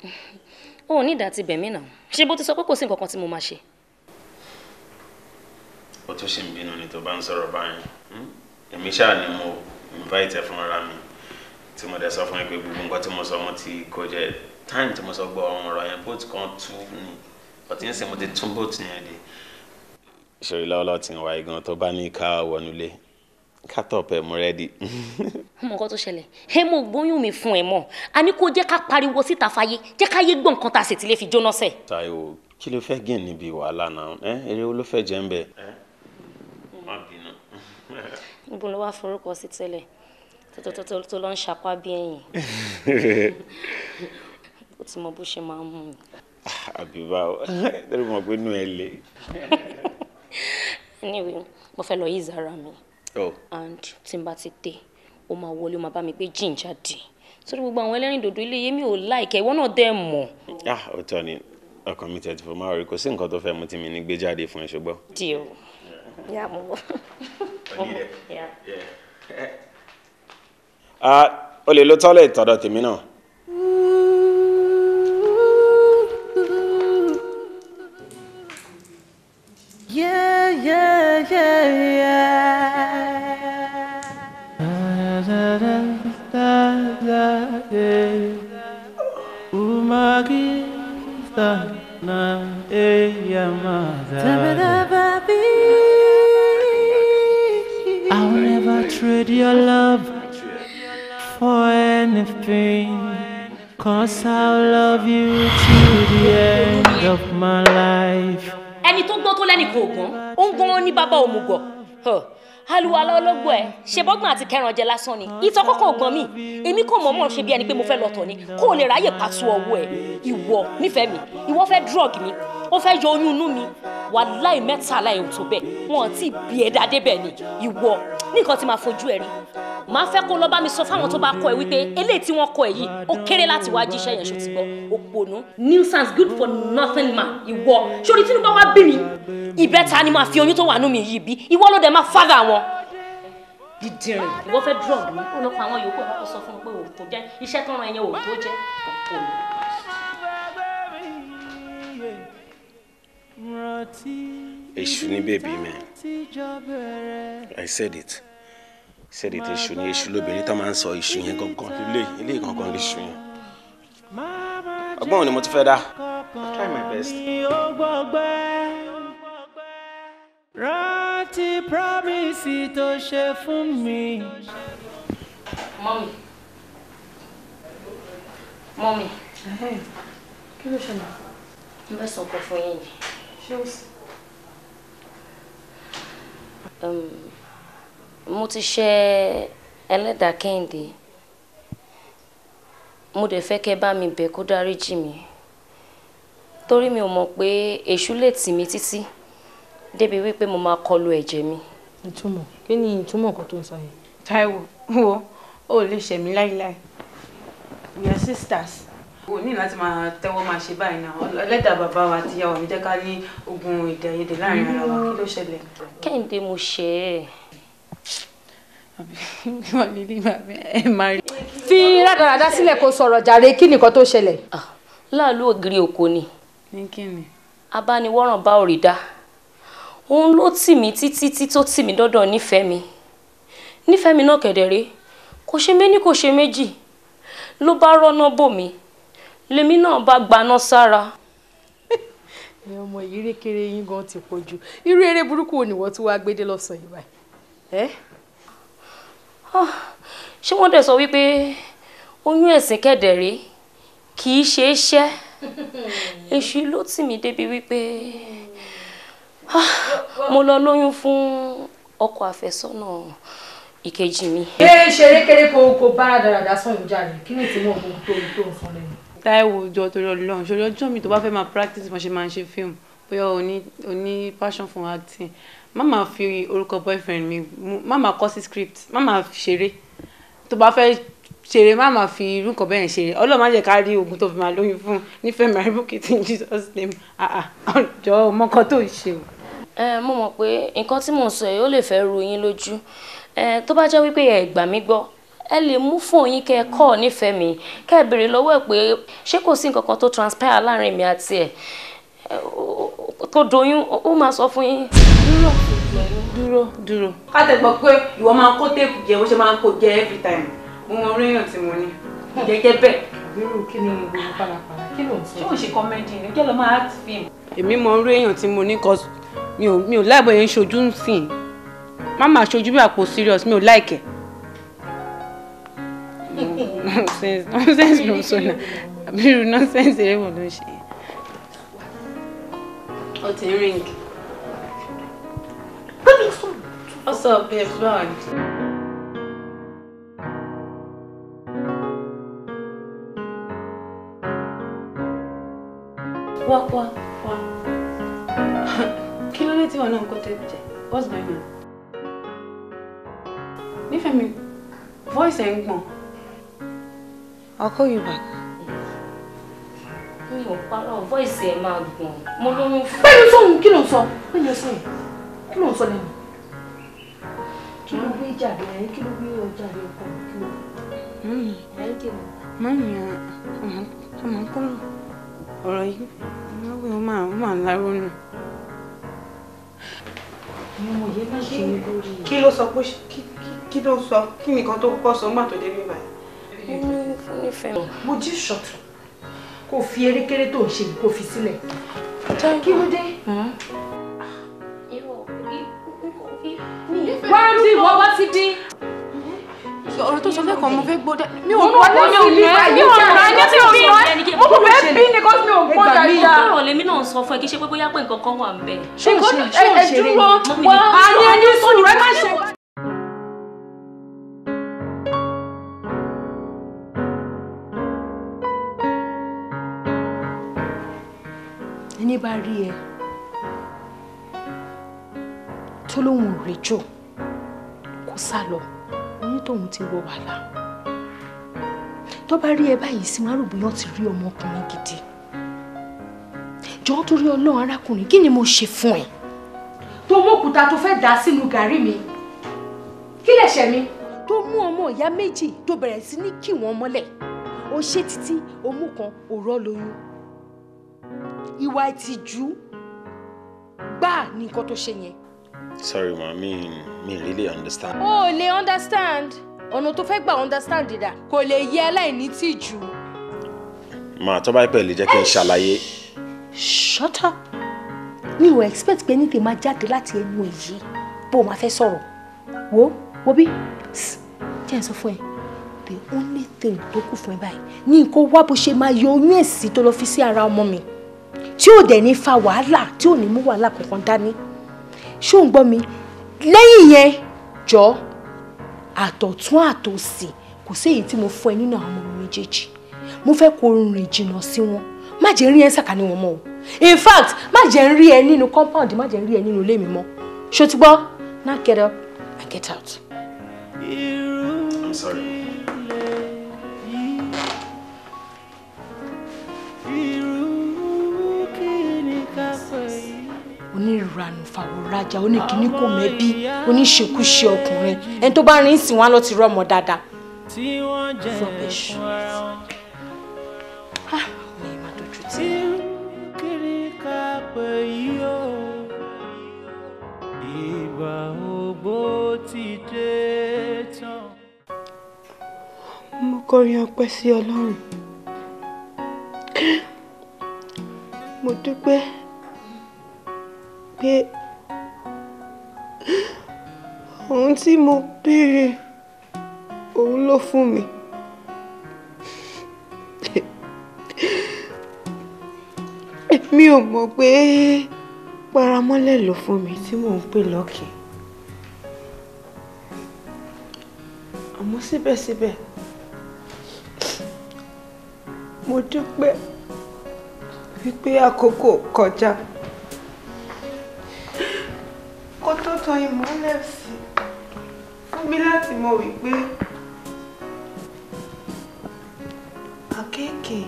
o ò ní ìdá ti bẹ̀ mí náà ṣé bó ti sọ pé kò sí nǹkan kan tí mo máa ṣe o tún ṣì ń bínú ni tó bá ń sọ̀rọ̀ báyìí hmm? èmi ṣáà ni mo invite ẹ fún ara mi tí mo dẹ̀ sọ fún yín gbogbo nǹkan tí mo sọ mo ti kó jẹ time tí mo sọ gbọ́ ọ̀run ọ̀rọ̀ yẹn boat kan tú ni ọtí ń sìn mo ti tún boat yẹn dé. ìṣòro lọ́wọ́lọ́wọ́ ti ń wá igan tó bá ní ká wọnúlé ká tọ̀pẹ̀ mú rẹ́dí. ọmọ nǹkan tó ṣẹlẹ̀ ẹ mọ̀ gbóyún mi fún ẹ mọ̀ a ní kó jẹ́ ká pariwo síta fáyé jẹ́ ká yé gbọ́ nǹkan tá a sì ti lè fi jóná sẹ̀. Táíwò kí ló fẹ́ gẹ̀ níbi wàhálà náà ẹ eré wo ló fẹ́ jẹ́ ń bẹ̀ níbo ló wá forúkọ sí tẹ́lẹ̀ tó lọ ń sapá bí ẹ̀yìn ó ti mọ bó ṣe máa ń mú mi. Ah, àbíbá lórí mọ̀ pé inú ẹ le. anyway mo fẹ́ lọ yí zara mi oh. and tí n bá ti dé ó máa wọlé ó máa bá mi gbé gin jáde sórí gbogbo àwọn ẹlẹ́rìn dòdò ilé yẹmi ò láìkẹ́ ìwọ náà dẹ́ mọ̀. ah òótọ́ ni ọkàn mi tẹ̀ tí mo máa rí kò sí nǹkan tó fẹ́ mu tí mi ní gbé jáde fún ẹ ṣùgbọ́n. díẹ̀ o. Yeah, Mumbo. Yeah. Ah, o lè lo toilet tọ̀dọ̀ tèmi náà. Yeah, yeah, yeah, yeah. Da, da, da, da, trade your love for anything. Cause I'll love you till the end of my life. Ẹni tó gbọ́n tó lẹ́nìkan ògùn, ó ń gan ní bàbá òmùgọ̀. Aluwalá ológbò ẹ̀ ṣe bọ́gbọ̀n àti kẹrànjẹ lásán ni. Ìtọ́ ògbọ́n mi, èmi kò mọ̀ mọ̀ ṣe bí ẹni pé mo fẹ́ lọ ni, kó o lè ráyè pàtó ọwọ́ ẹ̀. Ìwọ nífẹ̀ẹ́ mi, ìwọ fẹ́ drug mi, ó fẹ́ yọ oyún inú mi wàláì mẹ́ta láì tó bẹ́ẹ̀ wọn ò tí ẹ̀dá débẹ̀ ni ìwọ ní nǹkan tí màá fojú ẹ̀ rí màá fẹ́ kó lọ bá mi sọ fáwọn tó bá kọ ẹ wípé eléyìí tí wọ́n kọ ẹ yìí ó kéré láti wá jíṣẹ́ yẹn ṣó ti gbọ́ òpònú. nuisance good for nothing man ìwọ sórí tinubu wa bí mi ìbẹ́ta ni màá fi oyún tó wà nú mi yìí bí ìwọ ló dẹ̀ máa fága wọn dídìrín ìwọ fẹ́ drug mi ó lọ pa àwọn yòókù ọkọ sọ fún un pé òun tó jẹ iṣẹ́ tó ran ẹyẹ òun tó jẹ òkò èṣù ni bèbí i said it said it èṣù ni èṣù lóbìnrin tó máa ń sọ èṣù yẹn gangan ilé ilé gangan lè ṣù yẹn ọgbọ́n ò ní mo ti fẹ́ dá try my best. rántí promise tó ṣe fún mi. mọ́mí mọ́mí kí ló ṣẹlẹ̀ mo fẹ́ sọ̀kọ̀ fún yín yìí. Um, mo ti ṣe ẹlẹ́dàá kẹ́hìndé mo dẹ̀ fẹ́ kẹ́ bá mi bẹ̀ kó dáríjì mi torí mi ò mọ̀ pé èṣù lè tì mí títí débi wípé mo máa kọlu ẹ̀jẹ̀ mi. ìtumọ̀ kí ni ìtumọ̀ kan tó ń sọ yẹn. Táíwò wo o ò lè ṣẹ̀mí láíláí we are sisters o ní láti máa tẹ́wọ́ máa ṣe báyìí náà ẹlẹ́dàá bàbá wa àti ìyá wa mi jẹ́ ká ní ogun èdè àìyedè láàrin ara wa kí ló ṣẹlẹ̀. kẹ́hìndé mo ṣe é. fi rádaràda sílẹ̀ kó sọ̀rọ̀ jàre kí nìkan tó ṣẹlẹ̀. láàlú ògiri òkò ni abániwọ́ràn bá òrì dá òun ló tì mí títí tí tó tì mí dọ́dọ̀ nífẹ̀ẹ́ mi nífẹ̀ẹ́ mi náà kẹ̀dẹ̀ rèé kò ṣe méní kò ṣe méjì ló bá rọ́nà bò mí lèmi náà bá gbaná sára. ẹ ọmọ yìí rékèrè yín gan ti pọ̀ jù irú eré burúkú ò ní wọ́n tí wàá gbédé lọ́sàn-án yìí báyìí. ẹ. Ah, ṣé wọ́n dẹ̀ sọ wípé oyún ẹ̀sìn kẹ̀dẹ̀ rèé kì í ṣe é ṣẹ́ èṣù ló tì mí débi wípé ah, mo lọ lóyún fún ọkọ àfẹ́sọ́nà ìkejì mi. ṣé ṣeré kéré kò kò bá dáradára sọ̀rọ̀ jáde kí ni ìtumọ̀ gbogbo tó ń fọn lẹ́nu táìwò jọ torí ọlọ́run ṣòro ọjọ́ mi tó bá fẹ́ máa practice mo ṣe máa ń ṣe film bóyá o ní passion for acting má máa fi orúkọ boyfriend mi má máa kọ sí script má máa ṣeré tó bá fẹ́ ṣeré má máa fi irú nǹkan bẹ́ẹ̀ ṣeré ọlọ́run má jẹ́ ká rí oògùn tó fi máa lóyún fún nífẹ̀ẹ́ mary bukiti in jesus name ọjọ́ ọmọkọ tó ń ṣe o. mo mọ̀ pé nǹkan tí mò ń sọ yìí ó lè fẹ́ ru yín lójú tó bá jẹ́ wípé ẹ gbà mí gbọ́ ẹ lè mú fóònù yín kẹ́ ẹ kọ́ nífẹ̀ẹ́ mi kẹ́ ẹ béèrè lọ́wọ́ ẹ̀ pé ṣé kò sí nǹkan kan tó transpire láàrin mi àti ẹ̀ tó doyún ó máa sọ fún yín. dúró dúró dúró. ká tẹ̀ gbọ́ pé ìwọ máa ń kó téèpù jẹ bó ṣe máa ń kó jẹ every time mo mọ oríyàn tí mo ní gẹ́gẹ́ bẹ́ẹ̀. ìbéèrè kí ni mo gbọ́ pàlàpàlà kí ló ń sọ. ṣé o ṣe kọ́mẹ́dì ni jẹ́ lọ máa act film. èmi mọ orí èèyàn tí mo ní cos mi ò láìpẹ́ yẹn ń ṣojú ń sìn má máa ṣojú bí àpò serious mi ò láìkẹ́. Like nonsense nonsense ló ń abiru nonsense eré wọn ló ń ṣe. o ti ring. What's up, babe? Bye. Wá wá wá. Kí ló dé tí wọn náà ń kó tẹ́lẹ̀ jẹ? What's going on? Nífẹ̀ẹ́ mi, voice ẹ̀ ń gbọ̀n. I'll call you back. Mi ò parọ́, oh, voice ẹ̀ máa gbọ̀n. Mo lóyún fún. Bẹ́ẹ̀ ni sọ́hun kí ló ń sọ? Bẹ́ẹ̀ ni sọ́hun kí ló ń sọ lẹ́nu? Kí ló gbé jàdé ẹ̀? Kí ló gbé ọjà rẹ̀ kọ̀? Kí ló? Mami. Mami ọmọ kọ́lọ̀ ọ̀rọ̀ yìí. Ọmọ ìwé máa ń láró nù. Kí ló sọ pé kí ló sọ? Kí nìkan tó kọ́ sọ nígbà tó dé bí báyìí? nífẹ̀ẹ́ mọ́. mo jí ṣọ̀tún kò fi erékeré tó ń ṣe kò fi sílẹ̀ kí ló dé. Hmm? wá rí ìwọ wá ti dín. ọ̀rọ̀ tó sọ lẹ́kọ̀ọ́ mo fẹ́ gbọ́dọ̀ mi ò gbọ́dọ̀ mi ò rẹ̀ mi ò rẹ̀ ní tí mo sọ mo kò fẹ́ bí ni kò mi ò gbọ́ dáadáa. ẹgbà mi ọ̀rọ̀ lèmi náà sọ fún ẹ kí ṣe pé bóyá pé nǹkan kan wà ń bẹ̀. ṣé o ṣe é ṣe é ṣe é wá ní ẹni sùn rẹ má ṣe. ẹni bá rí ẹ tó lóun rèjò kó sá lọ onítọ̀hún ti wọ wàhálà tó bá rí ẹ báyìí sí wọn á rò ti rí ọmọkùnrin gidi jọ torí Ọlọ́run arákùnrin kí ni mo ṣe fún ẹ. tó mú òkúta tó fẹ́ dà sínú gàrí mi kí lè ṣe mi. tó mú ọmọ ìyá méjì tó bẹ̀rẹ̀ sí ní kí wọ́n mọ́lẹ̀ o ṣe títí o mú kan òrọ́ lóyún ìwà ìtìjú gbà ní nǹkan tó ṣe yẹn. sorry ma mi mi really understand. o ò lè understand ọ̀nà tó fẹ́ gbà understand dà kò lè yẹ aláìní tìjú. Ma, tọ́ bá pẹ̀lú jẹ́ kí n ṣàlàyé. shut up mi ò expect pé ní tèmi máa jáde láti ẹnu èyí bó o máa fẹ́ sọ̀rọ̀ wo wo bí jẹ́ ẹ sọ fún ẹ pé only thing tó kù fún ẹ báyìí ní nǹkan wá bó ṣe máa yọ oyún èsì tó lọ fi sí ara ọmọ mi tí ò dẹ̀ ní fa wàhálà tí ò ní mú wàhálà kankan dání ṣó ń gbọ́ mi lẹ́yìn yẹn jọ àtọ̀tún àtòsì kò sí èyí tí mo fún ẹ nínú àwọn ọmọ mi méjèèjì mo fẹ́ kó rìn jìnnà sí wọn má jẹ́ rí ẹ sàkání wọn mọ́ o in fact má jẹ́ rí ẹ nínú compound má jẹ́ rí ẹ nínú ilé mi mọ́ ṣó ti gbọ́ now get up and get out. I'm sorry. oníranù fàwòrajà oníkíní kò mẹ́bí oníṣekúṣe ọkùnrin ẹni tó bá rìn sìn wọn lọ ti rọmọ dáadáa. rubbish. ah mi ì má dojú tì í. ìgbà ògbó ti dé tán. mo kọrin ọpẹ́ sí Ọlọ́run mo dúpẹ́ pé òun tí mo béèrè òun ló fún mi. mi ò mọ̀ pé paramọ́lẹ̀ ló fún mi tí mò ń pè lọ́kì. àmọ́ síbẹ̀síbẹ̀ mo dúpẹ́ wípé àkókò kọjá kó tó tan ìmọ́lẹ̀ sí fún mi láti mọ̀ wípé àkéèké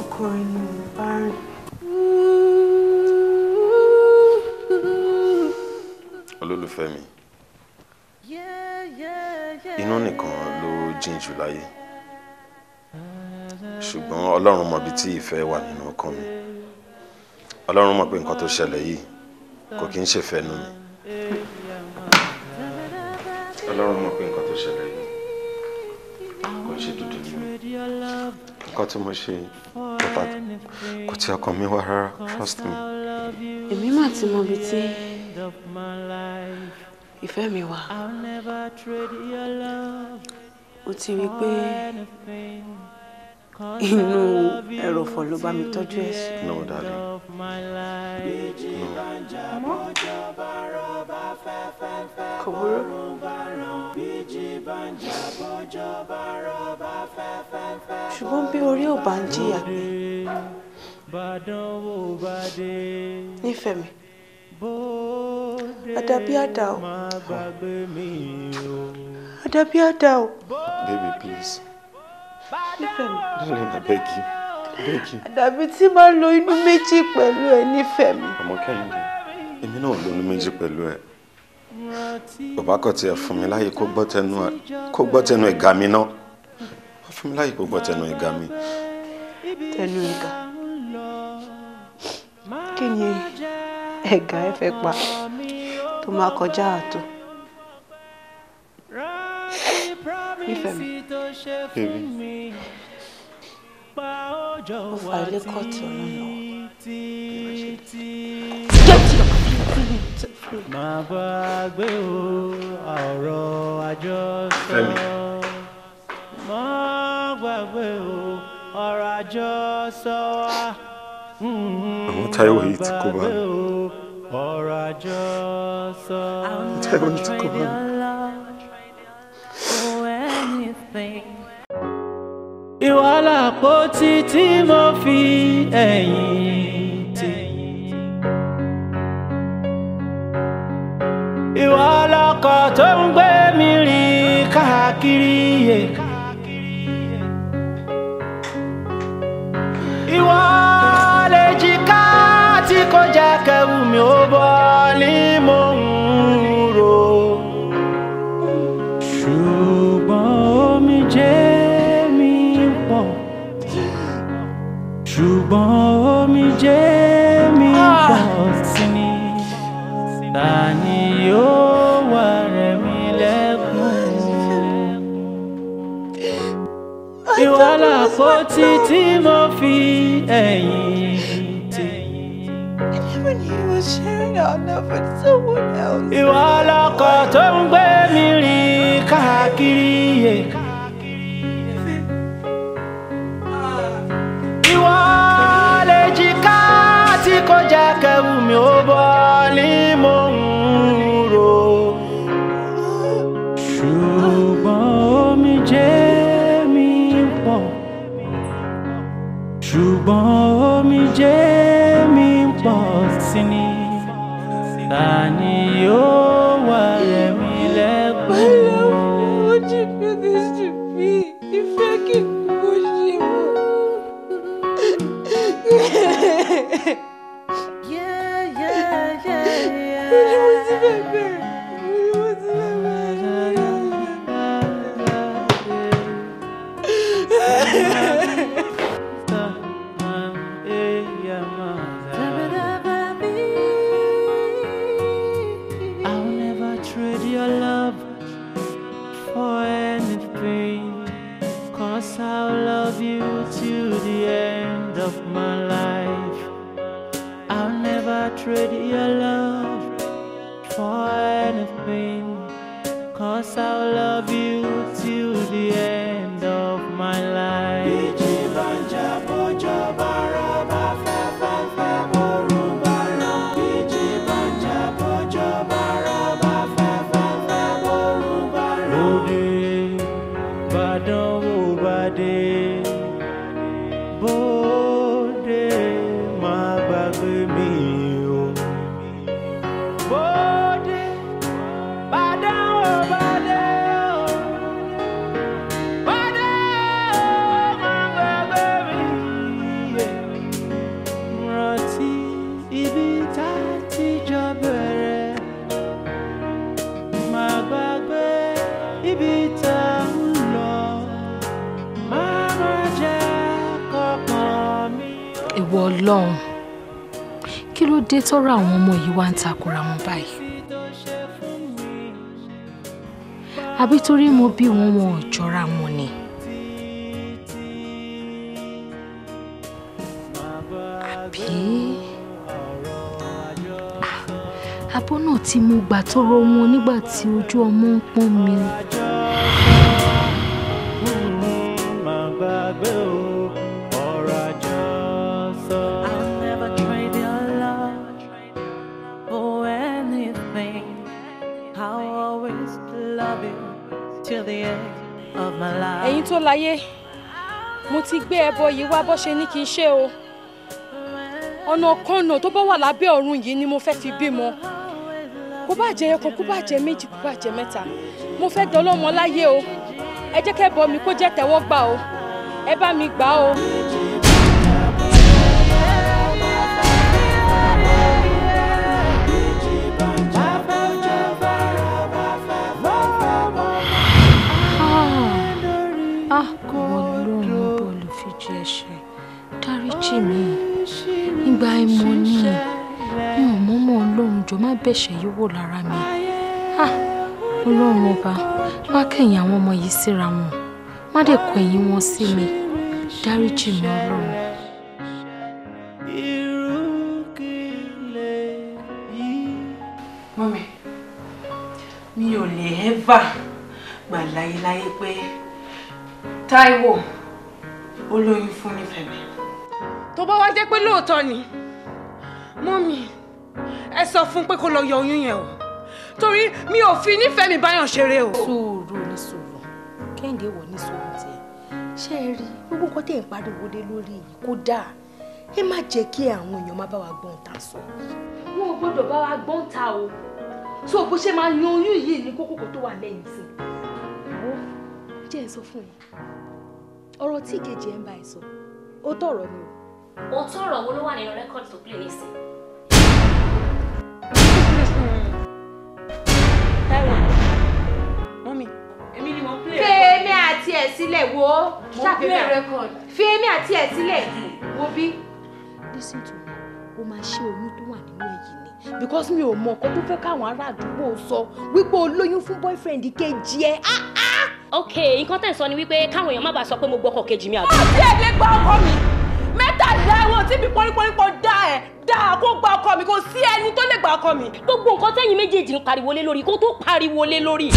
ọkùnrin ni mo bá rìn. olólùfẹ́ mi iná nìkan ló jìn jù ṣùgbọ́n ọlọ́run mọ̀ bí tí ìfẹ́ wà nínú ọkàn mi ọlọ́run mọ̀ pé nǹkan tó ṣẹlẹ̀ yìí kò kí ń ṣèfẹ́ nú mi ọlọ́run mọ̀ pé nǹkan tó ṣẹlẹ̀ yìí kò ṣe dúdú ní mi nǹkan tí mo ṣe kò tí ọkàn mi wá rárá trust me. èmi mà ti mọ ibi tí ìfẹ́ mi wà ó ti rí i pé inú ẹrọ̀fọ̀ ló bá mi tọ́jú ẹ̀ sí. no darling no. kò burú ṣùgbọ́n bí orí ò bá ń jìyà pé nífẹ̀ẹ́ mi adabiada o adabiada o. baby please. nífẹ̀ẹ́ mi. darling I beg you beg you. àdàbí tí máa ń lo inú méjì pẹ̀lú ẹ nífẹ̀ẹ́ mi. àmọ́ kẹ́hìndé èmi náà lo inú méjì pẹ̀lú ẹ bàbá kò tiẹ̀ fún mi láyè kó gbọ́ tẹnu ẹ̀ kó gbọ́ tẹnu ẹ̀gà mi náà wọ́n fún mi láyè kó gbọ́ tẹnu ẹ̀gà mi. tẹnu ẹ̀gà kí ni ẹ̀gà ẹ fẹ́ pa tó máa kọjá àtò nífẹ̀ẹ́ mi ó fà ilé kọ́ọ̀tì ọ̀nà lọ́wọ́ máa bá gbé o ọ̀rọ̀ àjọsọ máa gbàgbé o ọ̀rọ̀ àjọsọ wa. Hmm, àwọn Táíwò yìí ti kó bá mi. ọ̀rọ̀ àjọsọ Táíwò yìí ti kó bá mi. ìwà làpótí tí mo fi ẹ̀yìn. ọlọ́kọ̀ tó ń gbé mi rìn káàkiri yẹn. àpótí tí mo fi ẹ̀yìn tì. And even he was sharing our love with someone else. Ìwọ lọkọ̀ tó ń gbé mi rìn káàkiri yè. Ìwọ lè jìká tí kò jẹ́ kẹ́wù mi ó bọ́ ní mo. born. tọ́rọ̀ àwọn ọmọ yìí wá ń takora wọn báyìí àbí torí mo bí wọn wọn ò jọra wọn ni. àbí àbọ̀ ah, náà tí mo gbà tọrọ wọn nígbà tí ojú ọmọ ń pọ́n mi. láyé mo ti gbé ẹbọ yìí wá bó ṣe ní kí n ṣe o ọ̀nà kọ́nà tó bá wà lábẹ́ ọ̀run yìí ni mo fẹ́ fi bímọ kó bá jẹ ẹyọkan kó bá jẹ méjì kó bá jẹ mẹ́ta mo fẹ́ dọ́lọ́mọ láyé o ẹ jẹ́ kẹ́ bọ mi kó jẹ́ tẹ́wọ́ gbà o ẹ bá mi gbà o. ṣì mí nígbà ìmọ̀ ni mi ò mọ́mọ́ ọlọ́run jọ má bẹ̀ṣẹ̀ yìí wò lára mi ah, ọlọ́run ọba má kẹ̀yìn àwọn ọmọ yìí síra wọn má dẹ̀ kọ ẹ̀yìn wọn sí mi dáríjì mi ọlọ́run. mọ́mi mi ò lè ẹ́fà gbà láyéláyé pé Táíwò ó fún mi tó bá wá jẹ́ pé lóòótọ́ ni mọ́mì ẹ sọ fún pé kó lọ yọ oyún yẹn o torí mi ò fi nífẹ̀ẹ́ mi báyọ̀ ṣeré o. sùúrù ní sùúrù kẹ́hìndé wọ ní sùúrù tiẹ̀ ṣé ẹ rí gbogbo nǹkan tẹ̀ ń pariwo lé lórí yìí kó dáa ẹ má jẹ́ kí àwọn èèyàn má bá wa gbọ́n ta sọ. wọn ò gbọ́dọ̀ bá wa gbọ́n ta o tó o bó ṣe máa yan oyún yìí ní kókókó tó wà lẹ́yìn sí. ó jẹ́ ẹ sọ fún ẹ ọ̀rọ̀ tí ìkejì ẹ ń bá ẹ sọ ó tọ̀rọ̀ ni o òótọ́ ọ̀rọ̀ wo ló wà nínú rẹ́kọ̀dì tó play nísìn. Táíwò mọ́mì. èmi ni mo play. fèémí àti ẹ̀ sílẹ̀ wo listen to me o máa ṣe oyún tó wà nínú ẹ̀yìn ni because mi ò mọ ọkọ tó fẹ́ káwọn ará boyfriend kejì ẹ ah, ah. ok nǹkan tẹ̀ sọ ni wípé káwọn èèyàn má bàa sọ pé mẹ́tàlá ẹ̀wọ̀n tí mi pọ́nrípọ́nrípọ́ dá ẹ̀ dá kó gba ọkọ mi kò sí ẹni tó lè gba ọkọ mi. gbogbo nǹkan tẹ́yìn méjèèjì ń pariwo lé lórí kó tó pariwo lé lórí.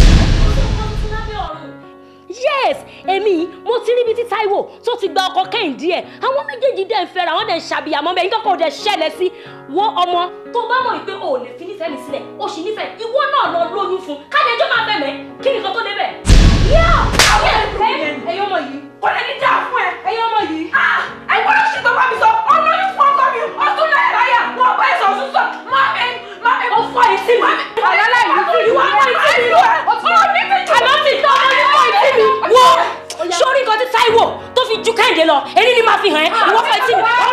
yes èmi mo ti rí ibi tí Táíwò tó ti gba ọkọ Kẹ́hìndé ẹ̀ àwọn méjèèjì dẹ̀ ń fẹ́ra wọ́n dẹ̀ ń ṣàbíyàmọ́ bẹ́ẹ̀ nǹkan kan dẹ̀ ṣẹlẹ̀ sí wọ́n ọmọ tó bá mọ̀ pé o ò lè fi nífẹ̀ẹ́ mi sílẹ̀ o sì nífẹ̀ẹ́ ìwọ náà lọ lóyún fún kájẹjọ́ máa bẹ̀mẹ̀ kí nìkan tó débẹ̀. yíyá ẹ̀yọ́ mọ̀ yìí kò lè ní dà fún ẹ ẹyẹ ọmọ yìí. ẹ gbọ́dọ̀ ṣì tó bá mi sọ ọmọ yìí fún ọkọ mi ọdún náà ẹ̀rọ ayà wọn ọba ẹ̀sọ̀ ọ̀sùn sọ má mi má mi mo fọ ìtì mi. àlálà yìí tún ni wọ́n mọ ìtì mi àná mi tọ́ ọmọ yìí mọ ìtì mi. fi ju Kẹ́hìndé lọ èyí ni máa fi hàn ẹ́ ìwọ́n ah, fọ mi.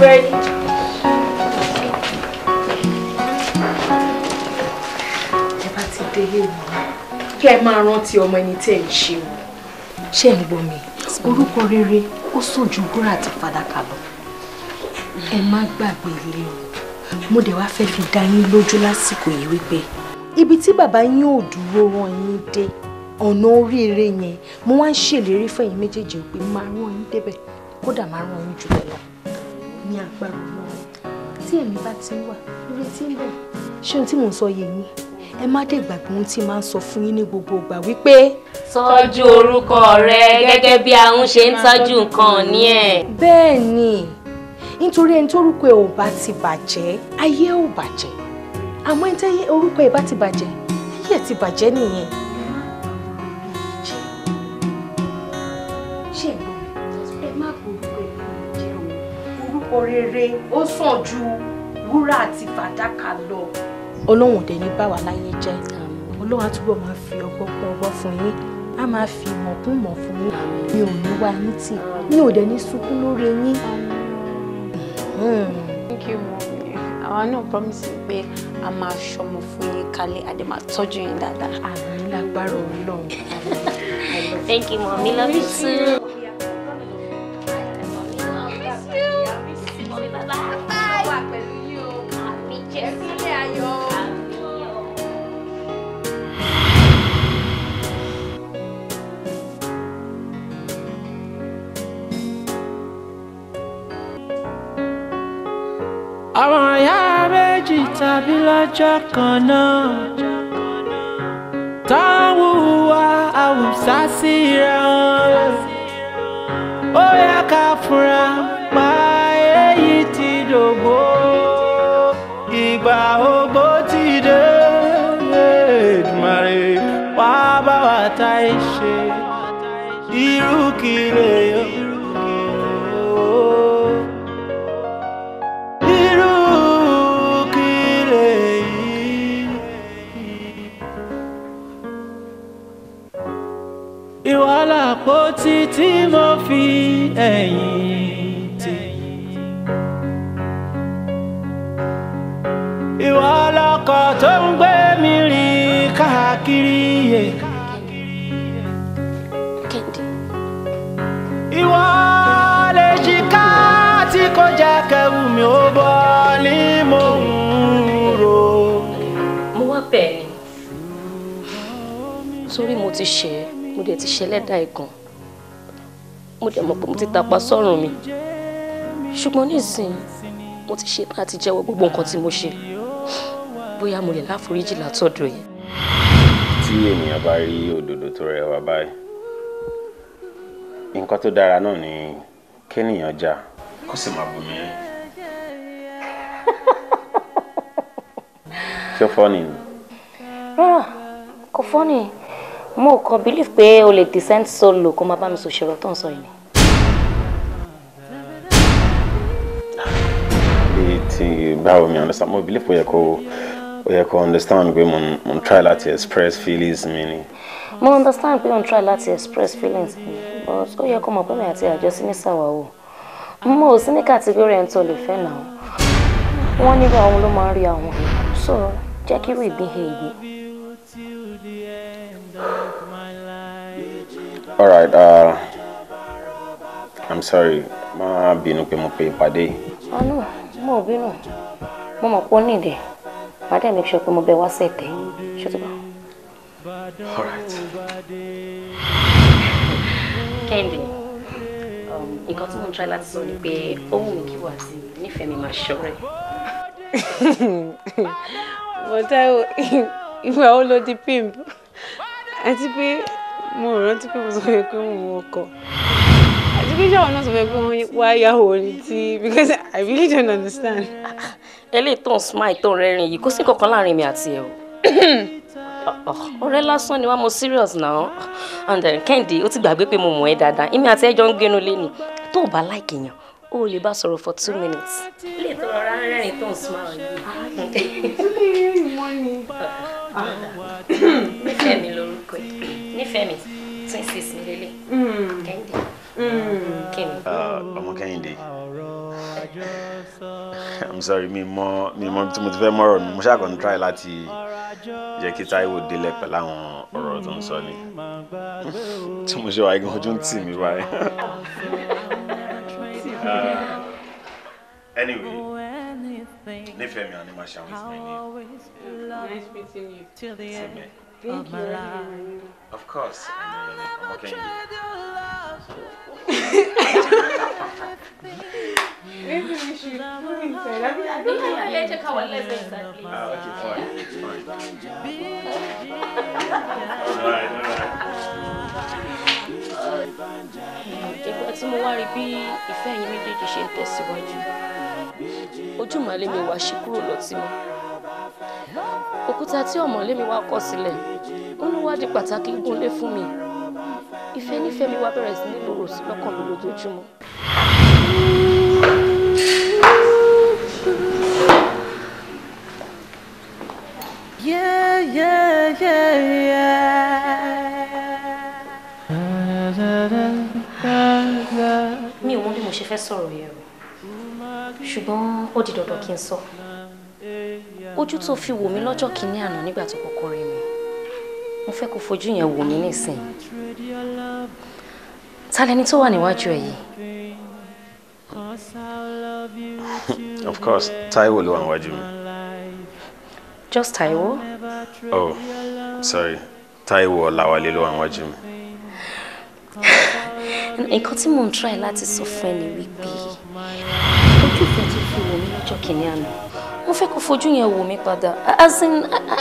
ready. Ẹ bá ti délé wò ó. Kẹ́ ẹ máa rántí ọmọ ẹni tẹ́ ẹ̀ ń ṣe o. Ṣé ẹ̀ ń gbọ́ mi? Orúkọ rere ó sàn ju wúrà àti fàdákà lọ. Ẹ má gbàgbé ilé o. Mo dẹ̀ wá fẹ́ fi dá yín lójú lásìkò yìí wípé ibi tí bàbá yín ò dúró rán yín dé ọ̀nà oríire yẹn mo wá ń ṣèlérí fún ẹ̀yin méjèèjì pé máa rán yín débẹ̀ kódà máa rán yín jù bẹ́ẹ̀ lọ ní agbára ọlọ́run tí ẹ̀mí bá ti wà ìrètí ń bọ̀ ṣé ohun tí mò ń sọ yé yín ẹ má dé gbàgbé ohun tí máa ń sọ fún yín ní gbogbo ìgbà wípé. tọ́jú orúkọ rẹ gẹ́gẹ́ bí ahun ṣe ń tọ́jú nǹkan ní ẹ̀. bẹ́ẹ̀ ni nítorí ẹni tórúkọ ẹ̀ ò bá ti bàjẹ́ ayé ò bàjẹ́ àmọ́ ẹni tẹ́yẹ orúkọ ẹ̀ bá ti bàjẹ́ ayé ẹ̀ ti bàjẹ́ nìyẹn. rere ó sàn ju wúrà àti fàdákà lọ. ọlọ́run dẹ̀ ní bá láyé jẹ́ ọlọ́run á máa fi ọgbọ́n kún ọgbọ́n fún yín a máa fi ìmọ̀ kún ìmọ̀ fún yín mi ò ní wá yín tì mi ò dẹ̀ ní sunkún lórí yín. thank you mommy àwa náà promise pé a máa ṣọmọ fún yín kalẹ̀ a dẹ̀ máa tọ́jú yín dáadáa. àmì lágbára ọlọ́run. thank you mommy love you too. ọmọ ìyá méjì tàbí lọ́jọ́ kan náà táwùwà àwùsá síra wọn ó yẹ ká fura pa èyí ti dògbò ìgbà ogbó ti dé èdùmarè wàá bá wa ta ẹ ṣe irú kí lè yọ. fi ẹ̀yìn tì. ìwọ lọkọ̀ tó ń gbé mi rìn káàkiri yè. ìwọ lè jìká tí kò jẹ́ kẹ́wù mi ó bọ́ ní mò ń rò. mo wá bẹ́ẹ̀ ni sórí mo ti ṣe é mo dẹ̀ ti ṣẹlẹ̀ dá igan dẹ̀ mọ̀ pé mo ti tàpá sọ́rùn mi ṣùgbọ́n nísìnyí mo ti ṣe náà ti jẹ́wọ́ gbogbo nǹkan tí mo ṣe bóyá mo lè láforíjì látọ̀dọ̀ yìí. tí ènìyàn bá rí òdòdó tó rẹwà báyìí nǹkan tó dára náà ni kéèyàn já kó sì máa bomi rẹ. ṣé fọ́ọ̀nì ni. Ah, kò fọ́ọ̀nì mo kàn believe pé o lè descend solo kó má bá mi sòṣèrò tó ń sọ yìí nti báwo mi understand mo believe o yẹ kó understand pé mo n try láti express feelings mi ni. mo understand pé o n try láti express feelings mi but ó yẹ kó mọ̀ pé mi àti àjọsí ní sàwáwò mo ò sí ní category ẹ̀ ń tọ́ lè fẹ́ nà ó wọ́n nílò àwọn ló máa ń rí àwọn so jẹ́ kí irú ìgbìhìn yìí. all right uh, i'm sorry má bínú pé mo pe ìpàdé. oh no mo ò bínú mo mọ̀ pé ó nìdẹ̀ màá dẹ̀ make sure pé mo bẹ wá sẹ́ẹ̀tẹ̀ ṣùgbọ́n. all right. kẹ́hìndé um, nǹkan tí mo try láti sọ ni pé ó wù mí kí wà sí nífẹ̀ẹ́ mi máa ṣọ́rẹ́. mo tẹ́ o ìwà ó ló di pimp àti pé mo rántí pé mo sọ pé mo wọkọ̀ vision náà sọ fẹ́ pé wọ́n wá yàwó because I really don't understand. eléyìí tó ń smile tó ń rẹ́rìn yìí kò sí kankan láàrin mi àti ẹ o ọ̀rẹ́ lásán ni wá mo serious now and then Kẹ́hìndé ó ti gbàgbé pé mo mọ̀ ẹ́ dáadáa èmi àti ẹjọ́ ń gbénu lé ni tó o bá láìkì yàn o lè bá sọ̀rọ̀ for two minutes. ilé tó rọra ń Ah, tó ń smile yìí. nífẹ̀ẹ́ mi lórúkọ ẹ̀ nífẹ̀ẹ́ mi twenty six mi lélẹ̀ Kẹ́hìndé. Hmm. I'm ah, ọmọ kẹ́hìndé i'm sorry mi more, me, mọ tí mo ti fẹ́ mọ̀rọ̀ mi mo ṣàkóso try láti jẹ́ kí Táíwò délẹ̀ pẹ̀lú àwọn ọ̀rọ̀ tó ń sọ ni tí mo ṣe wà igun ojú ń tì mí báyìí. Ah, anyway nífẹ̀ẹ́ mi àní máa ṣàwọn ìsinmi ní. nice meeting you. Thank of you. Mara. Of course, I know your you. I'm okay. Maybe we should go inside. I, mean, I think I'll let you come and listen exactly. Ah, okay, fine. fine. alright, alright. Ìgbà tí mo wá rí bí ìfẹ́ yín méjèèjì ṣe ń tẹ̀síwájú, ojú màálé mi wá ṣe kúrò lọ́tí mọ́ òkúta tí ọ̀mọ̀lé mi wá kọ̀ sílẹ̀ ó pàtàkì gúnlé fún mi ìfẹ́ nífẹ̀ẹ́ mi wá bẹ̀rẹ̀ sí nílò òsì lọ́kàn mi lójoojúmọ́. Yeah, yeah, yeah, yeah. mi ò mọ bí mo ṣe fẹ́ sọ̀rọ̀ yẹn o ṣùgbọ́n ó di dandan kí n sọ. So ojú tó fi wò mí lọ́jọ́ kìíní àná nígbà tó kọ́kọ́ rí mi mo fẹ́ kó fojú yẹn wò mí nísìnyí ta lẹni tó wà níwájú ẹ yìí. of course Taiwo ló wà níwájú mi. just Taiwo? oh sorry Taiwo Ọláwálé ló wà níwájú mi. nǹkan tí mò ń try láti sọ fún ẹ ni wípé ojú kan tó fi wò mí lọ́jọ́ kìíní àná mo fẹ́ kó fojú yẹn wò mí padà as in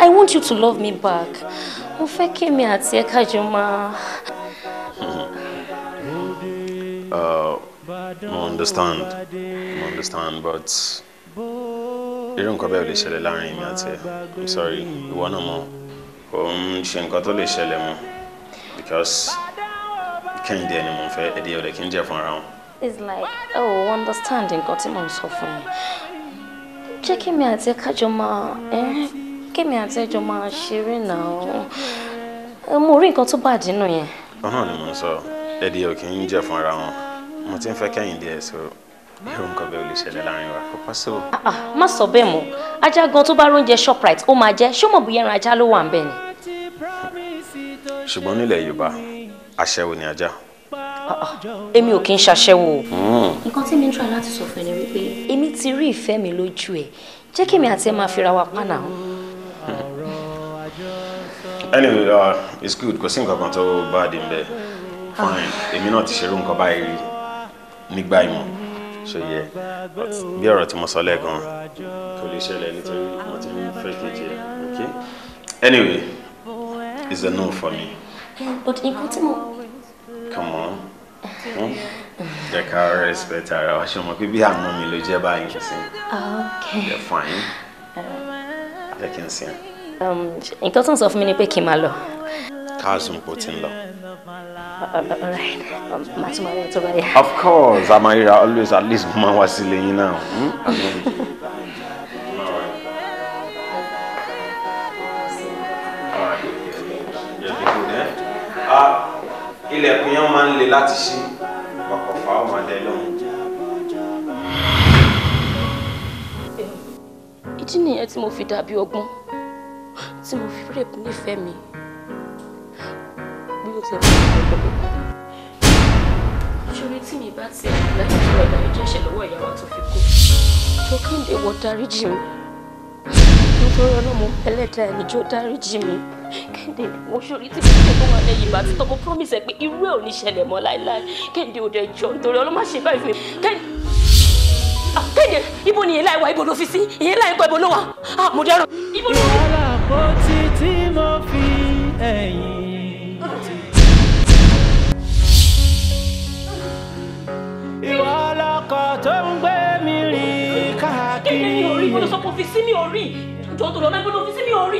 I, want you to love me back mo fẹ́ kí mi àti ẹ kájọ máa. Uh, mo understand mo understand but irú nǹkan bẹ́ẹ̀ ò lè ṣẹlẹ̀ láàrin mi àti ẹ I'm sorry ìwọ náà mọ̀ kò ń ṣe nǹkan tó lè ṣẹlẹ̀ mọ́ because kẹ́hìndé ẹni mo fẹ́ ẹ̀dí ọ̀dẹ̀ kí n jẹ́ fún wọn. it's like oh understanding nǹkan tí mo ń sọ fún yín jẹ́ kémi àti kájọ máa kémi àti ẹjọ máa ṣeré náà mo rí nǹkan tó bàjẹ́ nù yẹn. ọ̀hún ni mo ń sọ ẹ̀dì òkè ń jẹ́ fún ara wọn mo ti ń fẹ́ kẹ́yìn díẹ̀ so irú nǹkan bẹ́ẹ̀ ò lè ṣẹlẹ̀ láàrin wa kò possible. Ah, ah, má sọ bẹ́ẹ̀ mọ́ ajá gan tó bá róúnjẹ shoprite ó máa jẹ́ ṣó mọ̀ bóyá ẹran ajá ló wà ń bẹ̀ ni. ṣùgbọ́n nílẹ̀ Yorùbá aṣẹ́wó ni ajá èmi ò kí ń ṣaṣẹ́wó. nǹkan tí mi ń tọ́ láti sọ fún ẹ ni wípé èmi ti rí ìfẹ́ mi lójú ẹ̀ jẹ́ kí èmi àti ẹ máa fira wa pa anyway uh, it's good kò sí nǹkan kan tó bá dé nbẹ fine èmi náà ti ṣerú nǹkan báyìí rí nígbà ìmọ̀ ṣe yẹ bí ọ̀rọ̀ tí mo sọ lẹ́ẹ̀kan kò lè ṣẹlẹ̀ nítorí mo ti ń fẹ́ kejì ẹ̀ okay anyway it's a no for me. but nǹkan tí mo come on hmm? jẹ́ ká respect her. I ṣe mọ̀ pé bí àmọ́ mi ló jẹ́ báyìí sí you're fine jẹ́ can see. Um, in tó of sọ fún mi alone. Cars kí n máa lọ. káàsùn kò tí ń uh, um, of course amayira always at least mo máa wá sílé yín ilẹ̀kùn yẹn máa ń le láti ṣí ọ̀pọ̀ fà ó máa dẹ lóhùn. ìdí nìyẹn tí mo fi dàbí ọgbọ́n tí mo fi rèé nífẹ̀ẹ́ mi bí ó ti ẹ̀ fún ọ̀pọ̀ tí mi bá ti láti fi ọ̀dà ìjẹ́sẹ̀ lọ́wọ́ ìyàwó tó fi kú tó kéde wọ́n dáríjì mi nítorí ọlọ́mọ ẹlẹ́dàá ẹni jó dáríjì mi kẹ́hìndé mo ṣorí tí kò tó wà lẹ́yìn ìgbà tí tọkọ promise ẹ pé irú ẹ̀ ò ní ṣẹlẹ̀ mọ́ láéláé kẹ́hìndé ò dẹ̀ jọ nítorí ọlọ́mọ ṣe báyìí fún mi ah, kẹ́hìndé ibo ni ìyẹn láì wá ibo ló fi sí ìyẹn láì kọ́ ibo ló wà á ah, mo dẹ́rọ. ìwàlà kò tí tí mo fi ẹ̀yìn tì. ìwàlà kò tó ń gbé mi rìn káàkiri. kẹ́hìndé mi ò rí mo lọ sọ pé òfin sí mi ò rí tó lọ mẹ́gbẹ́ ló fi sí mi ò rí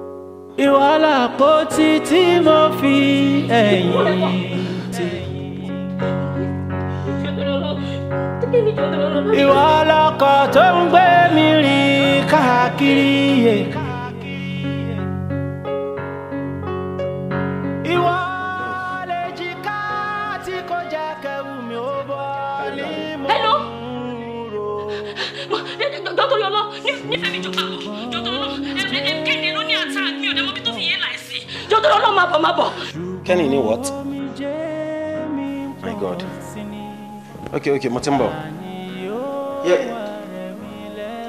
ìwọ làpótí tí mo fi ẹ̀yìn tì. ìwọ tó ń gbé mi rìn káàkiri yẹn. tó lọ máa bọ̀ máa bọ̀. Kenny ni what? My God. Okay, okay, mo ti ń bọ̀.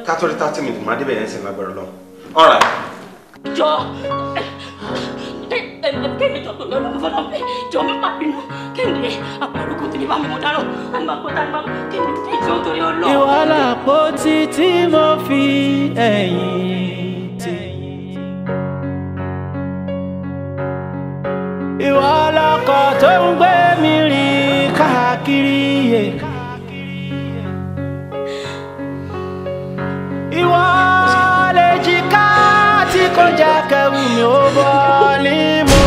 Ká tó rí thirty minutes, màá débẹ̀ yẹn sì lágbára lọ. All right. Jọ Kenny jọ tó lọ lọ́wọ́ fọlọ́ pé jọ mi máa bínú Kenny àpárùkù tí ní bá mi mú dáná àmọ́ àpótá ni bá Kenny tí ìjọ torí ọlọ́ọ̀. Ìwà làpótí tí mo fi ẹ̀yìn. wọ́n lọ́kọ̀ tó ń gbé mi rìn káàkiri yẹ. ìwọ lè jìká tí kò já kẹwù mi ó bọ́ ní mò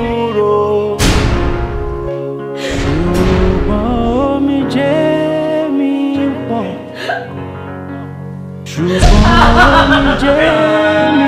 ń ro. ṣùgbọ́n omi jẹ́ mi pọ̀ ṣùgbọ́n omi jẹ́ mi.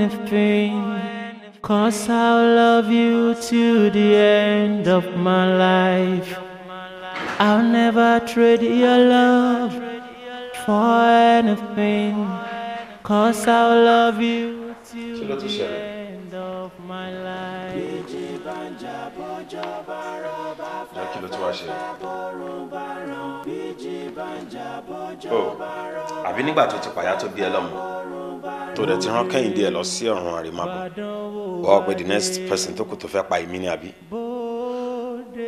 end of pain. Cause I'll love you to the end of my life. I'll never trade your love for anything. Cause I'll love you to the end of my life. Oh, àbí nígbà tó ti pàyà tó bí ẹ lọ́mọ tó dẹ̀ ti rán kẹ́hìndé ẹ̀ lọ sí ọ̀run àrèmábọ̀ wọ́n the next person tó kù tó fẹ́ pa èmi ni àbí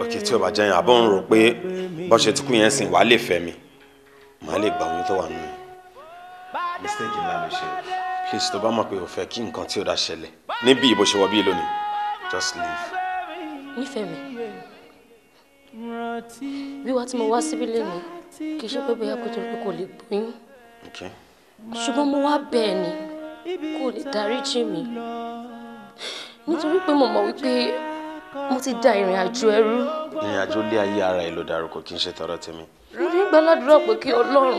òkè tí ó bá jẹ́ yẹn àbọ̀ ń rò pé bó ṣe ti kú yẹn mi màá lè gbà oyún tó wà nínú mistake ńlá ló ṣe please tó bá mọ̀ pé o fẹ́ kí nǹkan tí ó dá ṣẹlẹ̀ níbi ìbò ṣe wọ bí lónìí just leave. nífẹ̀ẹ́ mi wíwá tí mo wá síbí lé mi kì í ṣe pé bóyá kó torí pé kò ṣùgbọ́n mo wá bẹ̀ ẹ́ ni kò lè dáríjì mi nítorí pé mo mọ̀ wípé mo ti da ìrìn àjò ẹrú. ìrìn àjò lé ayé ara ẹ ló dárúkọ kí n ṣe tọrọ tèmi. mo ní gbàládùúrà pé kí ọlọ́run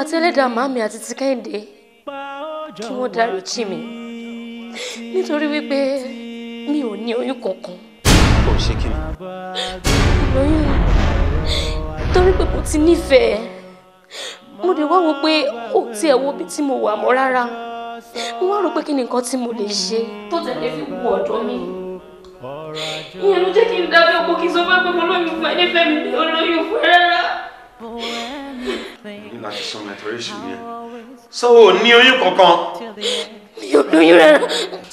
àti ẹlẹ́dàá màmí àti ti kẹ́hìndé kí wọ́n dáríjì mi nítorí wípé mi ò ní oyún kankan. kò ṣe kí ni. lóyún torí pé mo ti nífẹ̀ẹ́ mo dẹ̀ wá wo pé ó tiẹ̀ wo bí tí mo wà mọ́ rárá mo wá rò pé kí ni nǹkan tí mo lè ṣe tó tẹ̀lé fi wù ọ̀dọ́ mi ìyẹn ló jẹ́ kí n dábẹ́ ọkọ kí n sọ fún pé mo lóyún fún ẹ nífẹ̀ẹ́ mi mi ò lóyún fún ẹ rárá. ní láti sọ mẹtọrẹsì yẹn so o ní oyún kankan. mi ò lóyún rárá.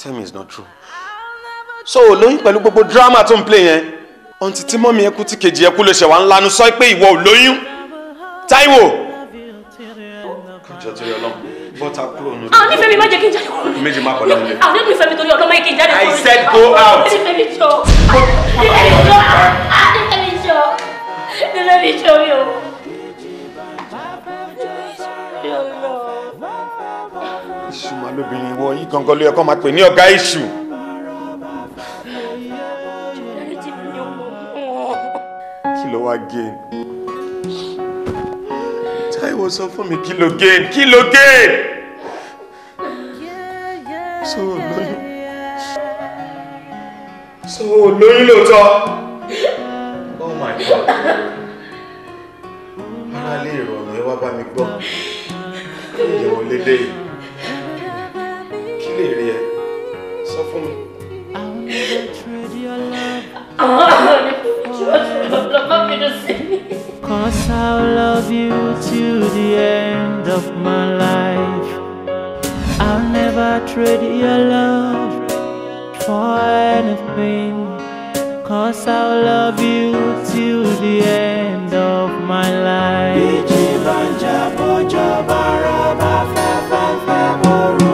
tell me it's not true so o lóyún pẹ̀lú gbogbo drama tó ń play yẹn ohun tí tí mọ́mí ẹkú tí kejì ẹkú ló ṣẹ̀ wá ńlanu sọ pé ìwọ ò lóyún Táíwò jọ torí Ọlọ́run bọ́tà kúrò nù. àwọn onífẹ́ mi má jẹ́ kí n jáde kúrò. méjì má kọ̀dọ̀ nílé. àwọn onífẹ́ ah, mi torí ọlọ́mọ yìí kí n jáde kúrò. I said go out. onífẹ́ ah, mi jọ onífẹ́ mi jọ onífẹ́ ah, mi jọ onífẹ́ mi jọ mi iṣu máa lóbìnrin wọ yí gangan ló yẹ kó máa pè ní ọ̀gá iṣu. kí ló wá gé e kó sọ fún mi kí ló gain kí ló gain. so lóyún so lóyún lóòótọ́ oh my god ara lè rọrùn ẹ wá bá mi gbọ́ ìyẹ̀wò lédè yìí kí lè rí ẹ sọ fún mi. I want to trade your love. I want to trade your love. Cause I'll love you to the end of my life I'll never trade your love for anything Cause I'll love you till the end of my life Ichi banja bojo baraba boru